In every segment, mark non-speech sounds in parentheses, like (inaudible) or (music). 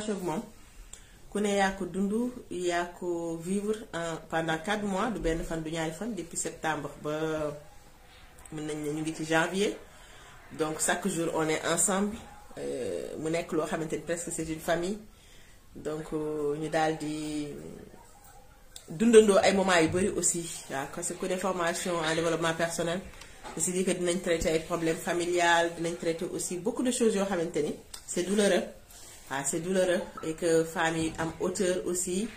ak moom ku ne yaa ko dund yaa ko vivre pendant quatre mois du benn fan du ñaari fan depuis septembre ba mën nañ ne ñu ngi ci janvier donc chaque jour on est ensemble euh, mu nekk loo xamante ni presque c'est une famille donc euh, ñu daal di dundandoo ay moments yu bari aussi waaw parce que ku ne formation en développement personnel c'est-à-dire que dinañ traiter ay problèmes familial dinañ traiter aussi beaucoup de choses yoo xamante ni c'est douloureux waaw ah, c'est douloureux et que am hauteur aussi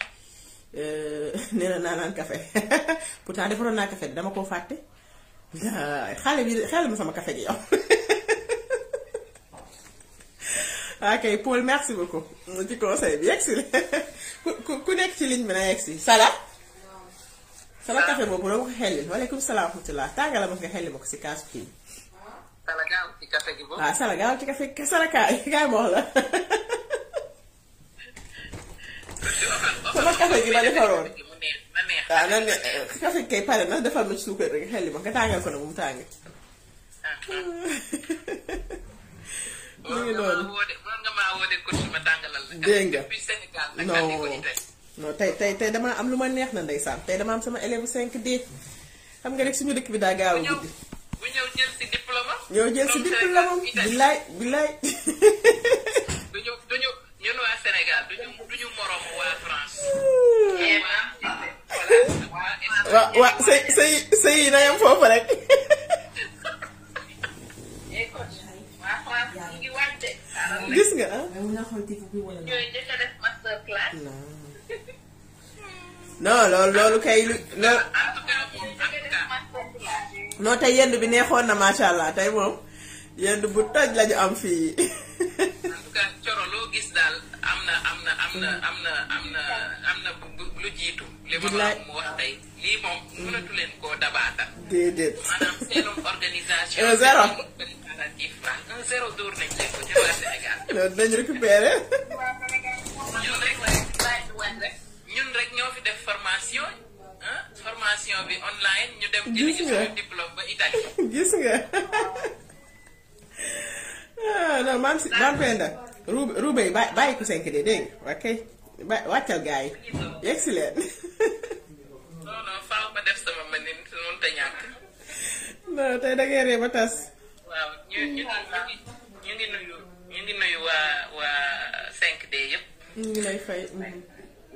euh, (laughs) nee na naa naan café (laughs) pourtant defaroon naa café dama koo fàtte ah, xale bi xel ma sama kafe gi yow (laughs) ok Paul merci beaucoup ci conseil bi yegsi ku ku nekk ci ligne bi na yegsi salaa sama café boobu dama ko xellil waaleykum salaam wa ma ko si kaas kii Sala gaaw ah, gaaw ci café Sala kaay kaay la. sama café gi ma defaroon. waaw nan nga café kay pare na defal ma suukar rek xel ma nga tàngal ko nag mu tàng. mu ngi noonu tey tey tey damaa am lu ma neex na ndeysaan tey damaa am sama élève 5D xam nga rek suñu dëkk bi daa gaaw a guddi. ñëw jël si diplôme. ñëw jël ñun waa waa France. waaw eh, waaw sëy foofu rek. Eh, gis nga ah. loolu loolu kay lu loolu. non bi neexoon na macha allah tey moom. yenn bu toj lañu am fii. en loo gis daal am na am na am na am na am na am na lu jiitu. li moom. mënatu leen koo dabaata. déedéet maanaam zéro un zéro dóor nañ ñun rek ñoo fi def formation. formation bi online ñu dem. gis nga. (laughs) ah non maam si maam Penda ruube ruube yi bàyyi bàyyi ko senk de dégg nga ok ba wàccal gars yi leen. (laughs) non non faaw da ngay ree ba tas. waaw ñu ngi ñu ngi nuyu ñu ngi waa waa 5D yëpp. ñu lay fay. Mhm.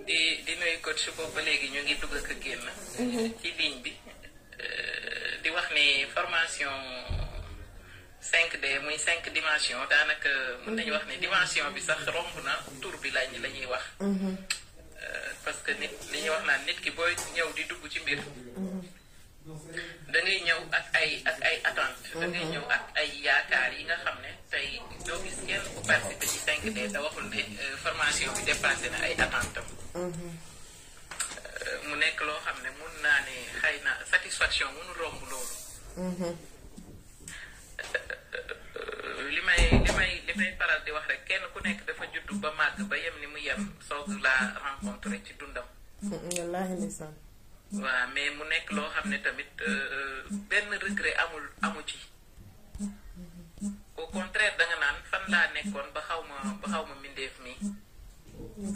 di di nuyu coach boobu ba léegi ñu ngi dugg ak a génn. Mhm. ci ligne bi. Euh, di wax ni formation. 5D muy cinq dimension daanaka mën nañu wax ne dimension bi sax romb na tur bi lañ la ñuy wax mhm. euh, parce que nit li wax naan nit ki booy ñëw di dugg ci mbir mhm. dangay ñëw ak ay ak ay attente da ngay mhm. ñëw ak ay yaakaar yi nga xam ne tey doo gis kenn ku participé ci 5 da waxul ne euh, formation bi dépassé na ay attente euh, mu nekk loo xam ne mun naa ne xay na satisfaction mënu romb loolu damay damay damay faral di wax rek kenn ku nekk dafa juddu ba màgg ba yem ni mu yem soog la rencontré ci dundam. wallaahi ndeysaan. waaw mais mu nekk loo xam ne tamit euh, euh, benn regret amul amu ci. au contraire danga naan fan laa nekkoon ba xaw ma ba xaw ma mbindeef mi.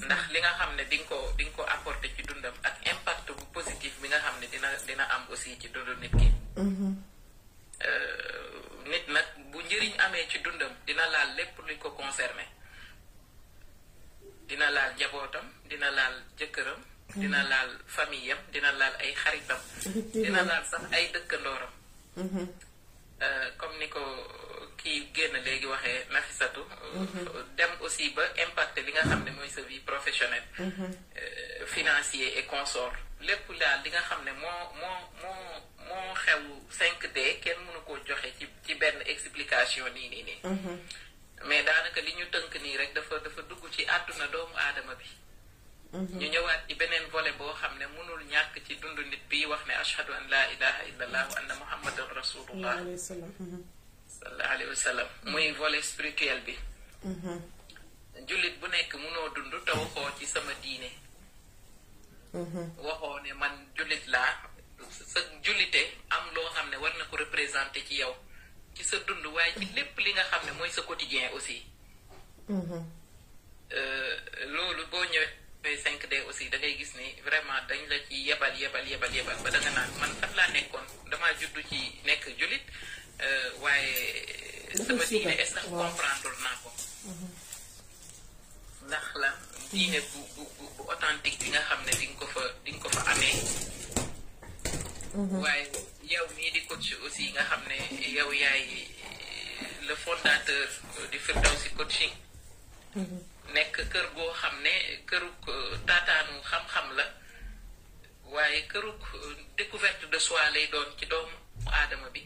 ndax li nga xam ne di ko di ko apporté ci dundam ak impact bu positif bi nga xam ne dina dina am aussi ci dundu nit ki. Mm-hmm. Euh, nit nag bu njëriñ amee ci dundam dina laal lépp luñ ko concerné dina laal njabootam dina laal jëkkëram dina mhm. laal famille am dina laal ay xaritam dina laal sax ay dëkkandooram mhm. euh, comme ni ko kii génn léegi waxee nafisatu mhm. euh, dem aussi ba impacte li nga xam ne mooy sa vie professionnelle euh, financier et consort lépp daal li nga xam ne moo moo moo moo xew cinq d kenn mënu koo joxe ci benn explication nii nii nii. Mhm. mais daanaka li ñu tënk nii rek dafa dafa dugg ci àdduna doomu aadama bi. Mhm. ñu ñëwaat ci beneen vole boo xam ne mënul ñàkk ci dund nit bi wax ne ashhadu an laa ilaha illallah wa anna muhammadan rasulullah sallallahu alayhi wa sallam mhm. muy volet spirituel bi. jullit bu nekk mënoo dund taw xoo ci sama diine. Mm-hmm. waxoo ne man jullit laa sa jullite am loo xam ne war na ko représenté ci yow ci sa dund waaye ci lépp li nga xam ne mooy sa quotidien aussi mm-hmm. euh, loolu boo ñëwee 5D aussi da ngay gis ni vraiment dañ la ci yebal yebal yebal yebal ba da nga naan man fan laa nekkoon damaa juddu ci nekk jullit euh, waaye sama diine est comprendre naa ko mm-hmm. ndax la diine bu bu bu authentique bi nga xam ne di nga ko fa di nga ko fa amee. Mhm. waaye yow mii di coach aussi nga xam ne yow yaay euh, le fondateur euh, du Firdawsi coaching. Mhm. nekk kër goo xam ne kërug euh, taataanu xam-xam la waaye kërug découverte de soi lay doon ci doom aadama bi.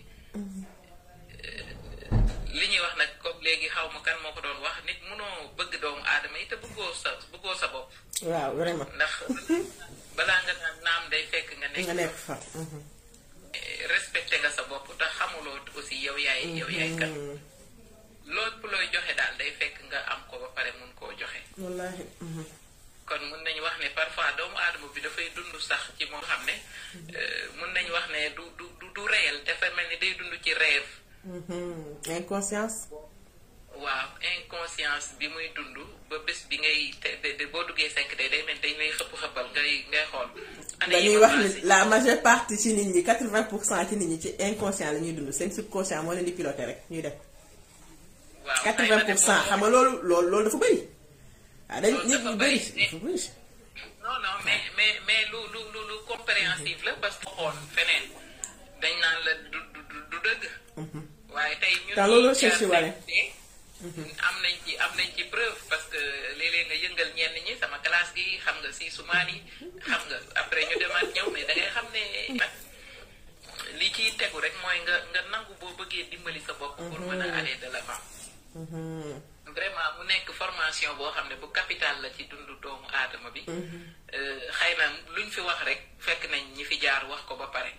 li ñuy wax nag kook léegi xaw ma kan moo ko doon wax nit mënoo bëgg doomu aadama yi te bëggoo sa bëggoo sa bopp. waaw vraiment ndax balaa nga naan naam day fekk nga nekk. nga fa. Mm-hmm. respecté nga sa bopp te xamuloo aussi yow yaay. Mm-hmm. yow yaay kan. lépp looy joxe daal day fekk nga am ko ba pare mun koo joxe. wallaahi. Mm-hmm. kon mun nañu wax ne parfois doomu aadama bi dafay dund sax ci moo xam ne euh, mun nañu wax ne du du du réel dafa mel ni day dund ci rêve. Mm-hmm. inconscience. waaw inconscience bi muy dund ba bés bi ngay te boo duggee 5D day mel dañ lay xëpp xëppal ngay ngay xool. dañuy wax ni la majeure partie ci nit ñi 80 pour cent ci nit ñi ci inconscient la ñuy dund seen subconscient moo leen di piloté rek ñuy def. waaw 80 pour cent xam nga loolu loolu loolu dafa bëri. waaw ah, dañ nit ñu bëri mais mais mais lu lu lu lu compréhensif la parce que xool feneen dañ naan la du du du dëgg. Mm-hmm. waaye tey ñun. te loolu am nañ ci am nañ ci preuve parce que léeg-léeg nga yëngal ñenn ñi sama classe gi xam nga si sumaan yi xam nga après ñu demaat ñëw mais da ngay xam ne. li ciy tegu rek mooy nga nga nangu boo bëggee dimbali sa bopp. pour mën a mhm. aller de l'avant. Mhm. vraiment mu nekk formation boo xam ne bu capital la ci dundu doomu aadama bi. Mhm. Euh, xëy na luñ fi wax rek fekk nañ ñi fi jaar wax ko ba pare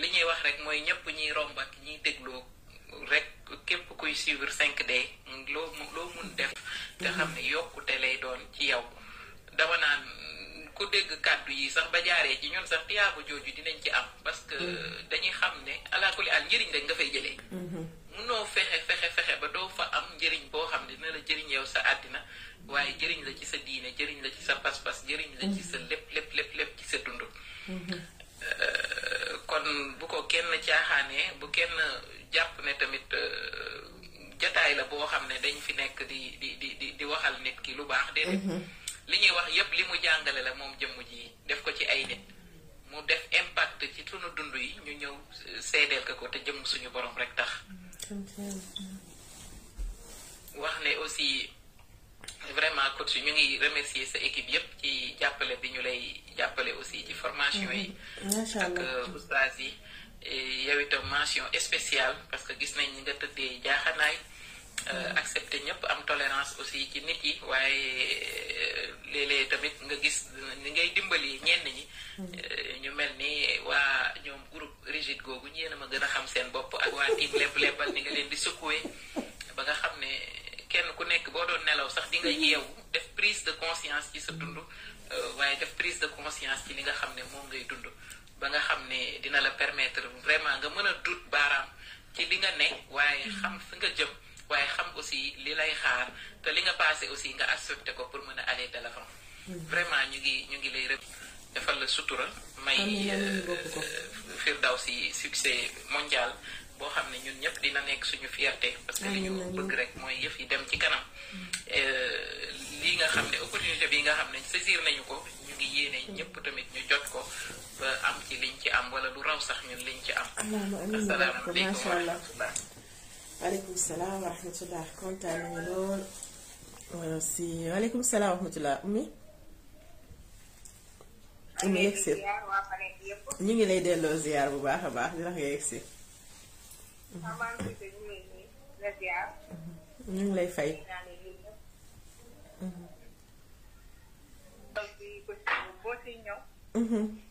li ñuy wax rek mooy ñëpp ñiy romb ak ñiy dégloo. rek képp kuy suivre cinq d loo loo mun def nga xam ne yokkute lay doon ci yow dama naan ku dégg kàddu yi sax bajaaree jaaree ci ñun sax tiyaabu jooju dinañ ci am parce que mm-hmm. dañuy xam ne alaakuli al njëriñ rek nga fay jëlee mm-hmm. munoo fexe fexe fexe ba doo fa am njëriñ boo xam ne dina la jëriñ yow sa àddina waaye jëriñ la ci sa diine jëriñ la ci sa pas-pas jëriñ la ci sa mm-hmm. lépp lépp lépp lépp ci sa dund Euh, kon bu ko kenn caaxaanee bu kenn jàpp ne tamit euh, jataay la boo xam ne dañ fi nekk di di di di waxal nit ki lu baax déedéet mm-hmm. li ñuy wax yépp li mu jàngale la moom jëmm ji def ko ci ay nit mu def impact ci sunu dund yi ñu ñëw seedeel ko te jëmm suñu borom rek tax wax ne aussi vraiment coach ñu ngi remercier sa équipe yépp ci jàppale bi ñu lay jàppale aussi ci formation yi mm-hmm. ak euh, oustaz yi yow itam mention spéciale parce que gis nañ ñi nga tëddee jaaxanaay euh, mm-hmm. accepter ñëpp am tolérance aussi ci nit yi waaye euh, léeg tamit nga gis ni ngay dimbali ñenn ñi mm-hmm. ñu mel ni waa ñoom groupe rigide googu ñu yéen ma gën a xam seen bopp ak waa tiim lepp leppal ni nga leen di secouer ba nga xam ne kenn ku nekk boo doon nelaw sax di nga mhm. yeewu def prise de conscience ci sa dund euh, waaye def prise de conscience ci li nga xam ne moom ngay dund ba nga xam ne dina la permettre vraiment nga mën a dut baaraam ci li nga ne waaye mhm. xam fi nga jëm waaye xam aussi li lay xaar te li nga passé aussi nga accepté ko pour mën a aller de l'avant mhm. vraiment ñu ngi ñu ngi lay rëb defal la sutura may euh, firdaw si succès mondial boo xam ne ñun ñëpp dina nekk suñu fierté parce que li ñu bëgg rek mooy yëf yi dem ci kanam euh, lii nga xam ne opportunité bi nga xam ne saisir nañu ko ñu ngi yéene ñëpp tamit ñu jot ko ba am ci liñ ci am wala lu raw sax ñun liñ ci am asalaamaaleykum masha allah waaleykum salaam wa rahmatullah kontaan nañu lool si waaleykum salaam wa rahmatullah ummi umi ñu ngi lay delloo ziar bu baax a baax di tax nga yegsi ñu ngi lay fay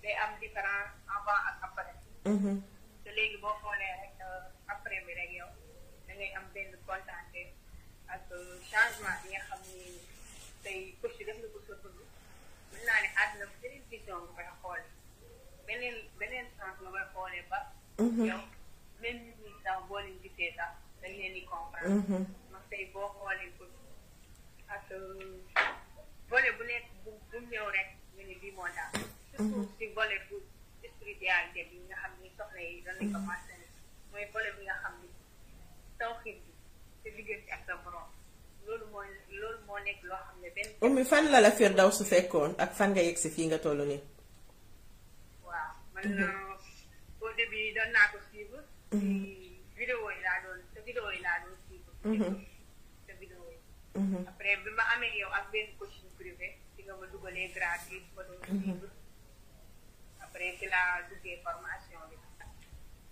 day am différence avant nga xam vision nga koy xoolee beneen beneen sens nga koy xoolee ba. Mhm. yow même nit ñi sax boo leen gisee sax dañ leen di comprendre. Mhm. ndax tey boo xoolee ko ak euh, volet bu nekk bu bu ñëw rek nga ne bii moo daal. Mhm. surtout si volet bu spiritualité bi nga yi bi nga xam ni taw xiit bi te liggéey ak sa borom. loolu mooy loolu moo nekk loo xam ne benn. ummi fan la la Firdaws su fekkoon ak fan nga yegg fii nga toll nii. waaw man mhm. euh, au début doon naa ko suivre. Mhm. vidéo yi laa doon te vidéo yi laa doon suivre. te mhm. yi. après bi ma amee yow ak benn coaching privé ci nga ma dugalee gratuit ma doon suivre. après ci laa duggee formation bi.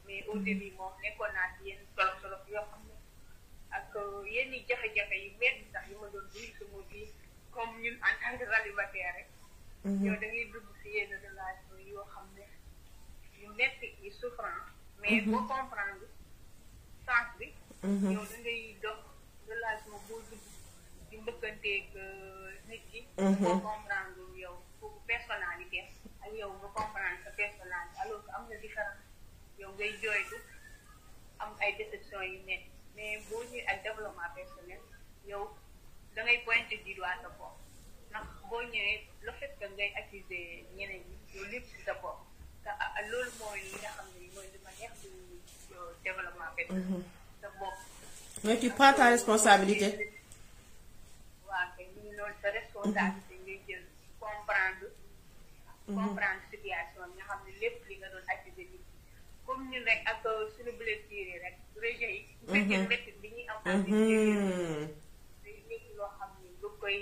mais au début moom nekkoon naa ci yenn solo solo yoo xam yenn jafe-jafe yu metti sax yu ma doon dund sama biir comme ñun en tant que rek. Mhm. yow da ngay dugg si yenn relation yoo xam ne yu metti yu souffrance. mais mhm. boo comprendre sens bi. Mhm. yow da ngay dox relation boo dugg di mbëkkanteeg euh, nit ki. boo comprendre yow pour personnalité ak yow nga comprendre sa personnalité alors am na différence yow ngay jooytu am ay déception yu metti mais boo ñëwee ak développement personnel yow da ngay pointé du sa bopp boo ñëwee le fait lépp si sa bopp ah, ah, loolu mooy li nga xam ne mooy li ma neex du développement personnel. Mm-hmm. sa bopp. mais tu prends ta responsabilité. waaw kay ñu ngi loolu sa responsabilité ngay jël comprendre. Mm-hmm. comprendre situation bi nga xam ne lépp li nga doon accuser comme ñun rek ak euh, suñu blessure rek rejet yi. bu fekkee mm-hmm. métit bi ñuy am am di day mm-hmm. nekk loo xam ne lu koy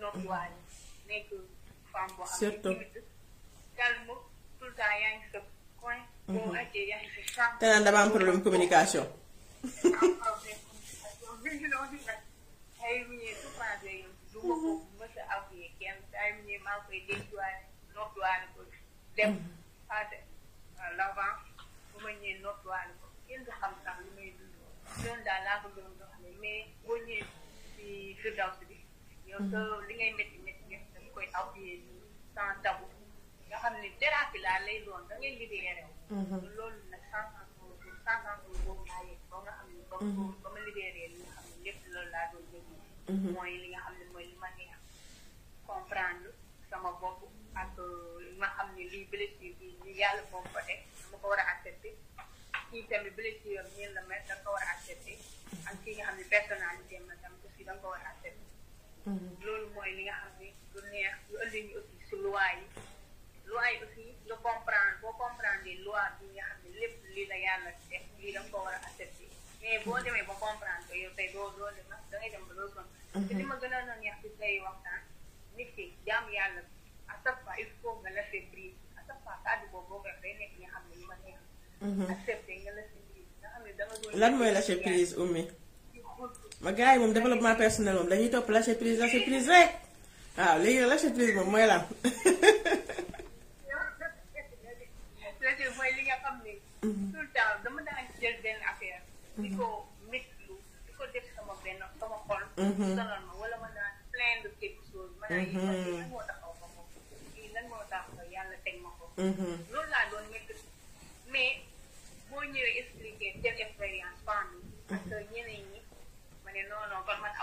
noppiwaay nekk femme boo xam ne timide calme tout le temps yaa ngi sa coin mm-hmm. boo àjjee yaa ngi fi femme te naan dama am problème communication (laughs) dem passé l'avant ma ñëwee noppiwaale ko kenn du loolu daal laa mais boo ñëwee bi mhm. li ngay da koy appuyer sans tabou xam ne thérapie laa lay doon da ngay libéré wu mhm. nag sans sans sans boobu laa nga xam ne ba mhm. li nga xam ne lépp loolu laa nga xam ne mooy li ma neex comprendre sama bopp ak euh, li ma xam ne lii blessure bi li yàlla moom ko teg ko war a accepter kii tamit bu la ci yoon ñeen la mel da nga ko war a accepté ak ki nga xam ne personnalité ma tam aussi da nga ko war a accepté mhm. loolu mooy li nga xam ne lu neex lu ëllëg ñu aussi si loi yi loi yi aussi nga comprendre boo comprendre loi bi nga xam ne lépp lii la yàlla def lii da nga ko war a accepté mais boo demee ba comprendre ko yow tey doo doo dem da ngay dem ba doo sonn mhm. te li ma gën a neex ci say waxtaan nit ki jaam yàlla à chaque fois il faut nga la faire prise à chaque fois kàddu boobu boo koy day nekk nga xam ne li ma neex accepté nga lâché prise nga xam ne danga doon. lan mooy lâché prise ummi. ma gars yi moom développement personnel moom dañuy topp lâché prise lâché prise rek waaw léegi nag lâché prise moom mooy (laughs) jël expérience femme yi. parce que ñeneen ñi ma ne non non kon man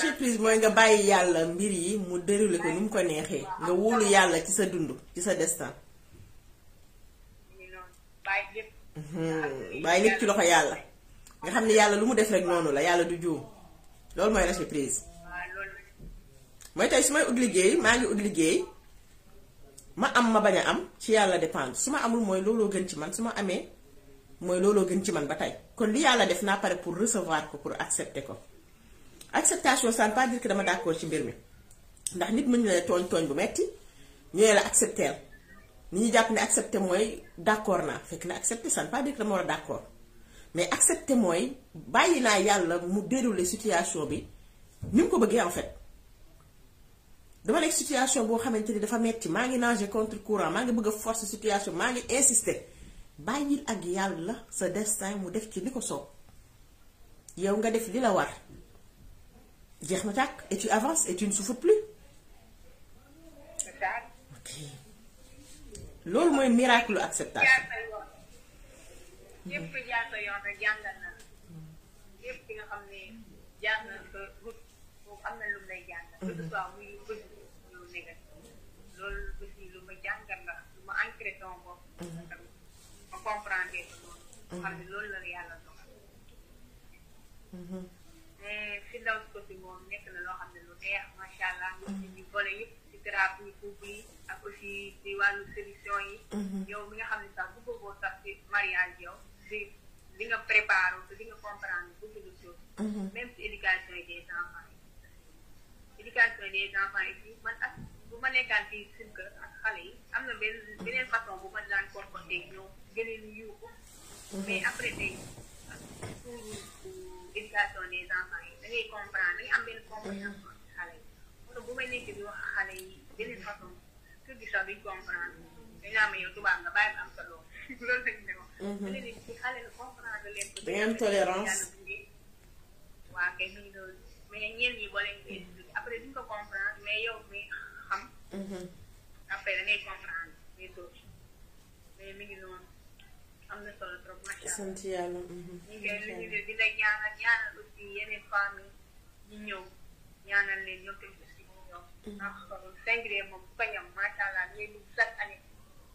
nga mooy nga bàyyi yàlla mbir yi mu déroulé ko ni mu ko neexee nga wóolu yàlla ci sa dund ci sa destin. bàyyi lépp. Mhm. bàyyi lépp ci loxo yàlla. nga xam ne yàlla lu mu def rek noonu la yàlla du juum loolu mooy lâcher mooy tey su may ut liggéey maa ngi ut liggéey ma am ma bañ a am ci yàlla dépendre su ma amul mooy looloo gën ci man su ma amee mooy looloo gën ci man ba tey kon li yàlla def naa pare pour recevoir ko pour accepter ko. acceptation ça ne pas dire que dama d'accord ci mbir mi ndax nit mën na la tooñ tooñ bu metti ñu la accepter ni ñu jàpp ne accepter mooy d'accord naa fekk na accepter ça ne pas dire que dama war a d'accord mais accepter mooy bàyyi naa yàlla mu dérouler situation bi ni mu ko bëggee en fait dama nekk situation boo xamante ni dafa metti maa ngi nager contre courant maa ngi bëgg a forcer situation maa ngi insister bàyyil ak yàlla sa destin mu def ci li ko soob yow nga def li la war jeex na tàkk et tu avances et tu ne plus loolu mooy miracle acceptation. yëpp jaar yoon rek jàngal na yëpp ki nga xam ne jaar na sa boobu am na lu lay jàngal. Mm-hmm. loolu lu ma jàngal la lu ma ancré sama mm-hmm. ma comprendre mm-hmm. loolu. la yàlla dogal. mais fi ndaw si moom nekk na loo xam ne lu neex macha allah ñu ci ñu boole yëpp. thérapie couple yi ak aussi ci wàllu solution yi. Mhm. yow mi nga xam ne sax bu booboo sax ci mariage yow di li nga préparé te li nga comprendre beaucoup de choses. même si éducation yi des enfants yi éducation yi des enfants yi man ak bu ma nekkaan fii suñu kër ak xale yi am na benn beneen façon bu ma daan comporté ñoom gën a nuyu ko. mais après tey pour éducation des enfants yi da ngay comprendre da ngay am benn compréhension ci xale yi. bu ma nekk di wax xale yi. beneen façon tur gi sax mi ngi loolu mais ñeen ñi boo leen ko comprendre yow mi xam. après da ngay na solo trop macha allah. sant yàlla. ñu ndax 5D moom ku ko allah ñooy dugg chaque année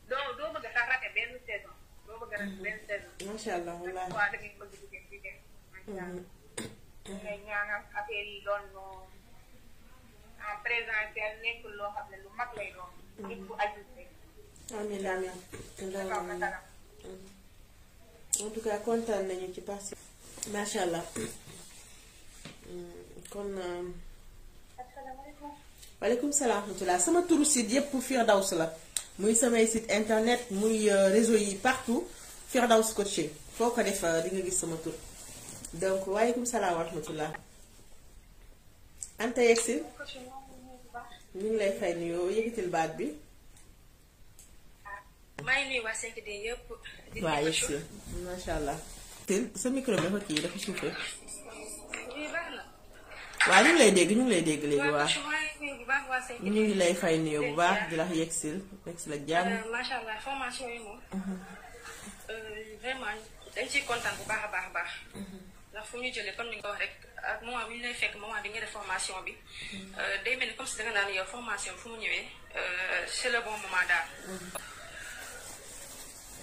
doo doo bëgg allah wallaahi waaw da ngay bëgg di def di allah. Mm-hmm. ngay ñaanal affaire euh, en présentiel nekkul loo xam ne lu mag lay doon. Mm-hmm. nit bu ajusté. Mm-hmm. macha allah. Euh, waaleykum salaam wa rahmatulah sama turu site yëpp Firdaws la muy samay site internet muy euh, réseau yi partout Firdaws coaching foo ko def euh, di nga gis sama tur donc waaleykum salaam wa rahmatulah. Anta yegsi ngi lay fay nuyoo yëkkatil baat bi. maa ngi nuyu waa 5D yëpp. waaw yegsi macha allah. sa micro bi dafa kii dafa suufee. waaw ñu ngi lay dégg ñu ngi lay dégg léegi waa ñu ngi lay fay nuyoo bu baax di la yegsil yegsil ak jàmm. Euh, macha allah formation yi moom. Mhm. Euh, vraiment dañ ciy kontaan bu baax a baax a baax. Mhm. ndax fu ñu jëlee comme ni nga wax rek ak moment bi ñu lay fekk moment bi nga def bi. Mhm. Euh, day mel ni comme formation bi mu ñëwee c'est le bon moment daal.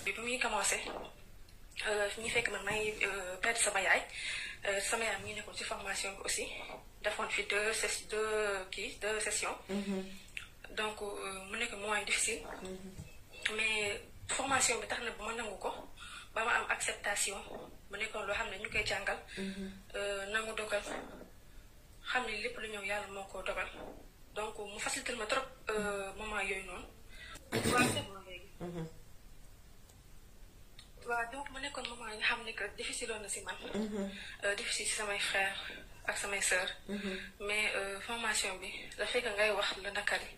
bi bu muy commencé ñu fekk man maa ngi perte sama yaay sama yaay mi ngi nekkoon ci formation bi aussi. defoon fi deux ses kii deux mhm. donc euh, mu nekk moyen difficile. Mhm. mais formation bi tax na ba ma nangu ko ba ma am acceptation mu nekkoon loo xam ne ñu koy jàngal. Mhm. Euh, nangu dogal xam ne lépp lu ñëw yàlla moo ko dogal donc mu facilité ma trop euh, moment yooyu noonu. waaw donc mu nekkoon moment yi nga xam ne que na si man. difficile si samay frères. ak samay sœur. Mhm. mais euh, formation bi la fekk ngay wax la nakari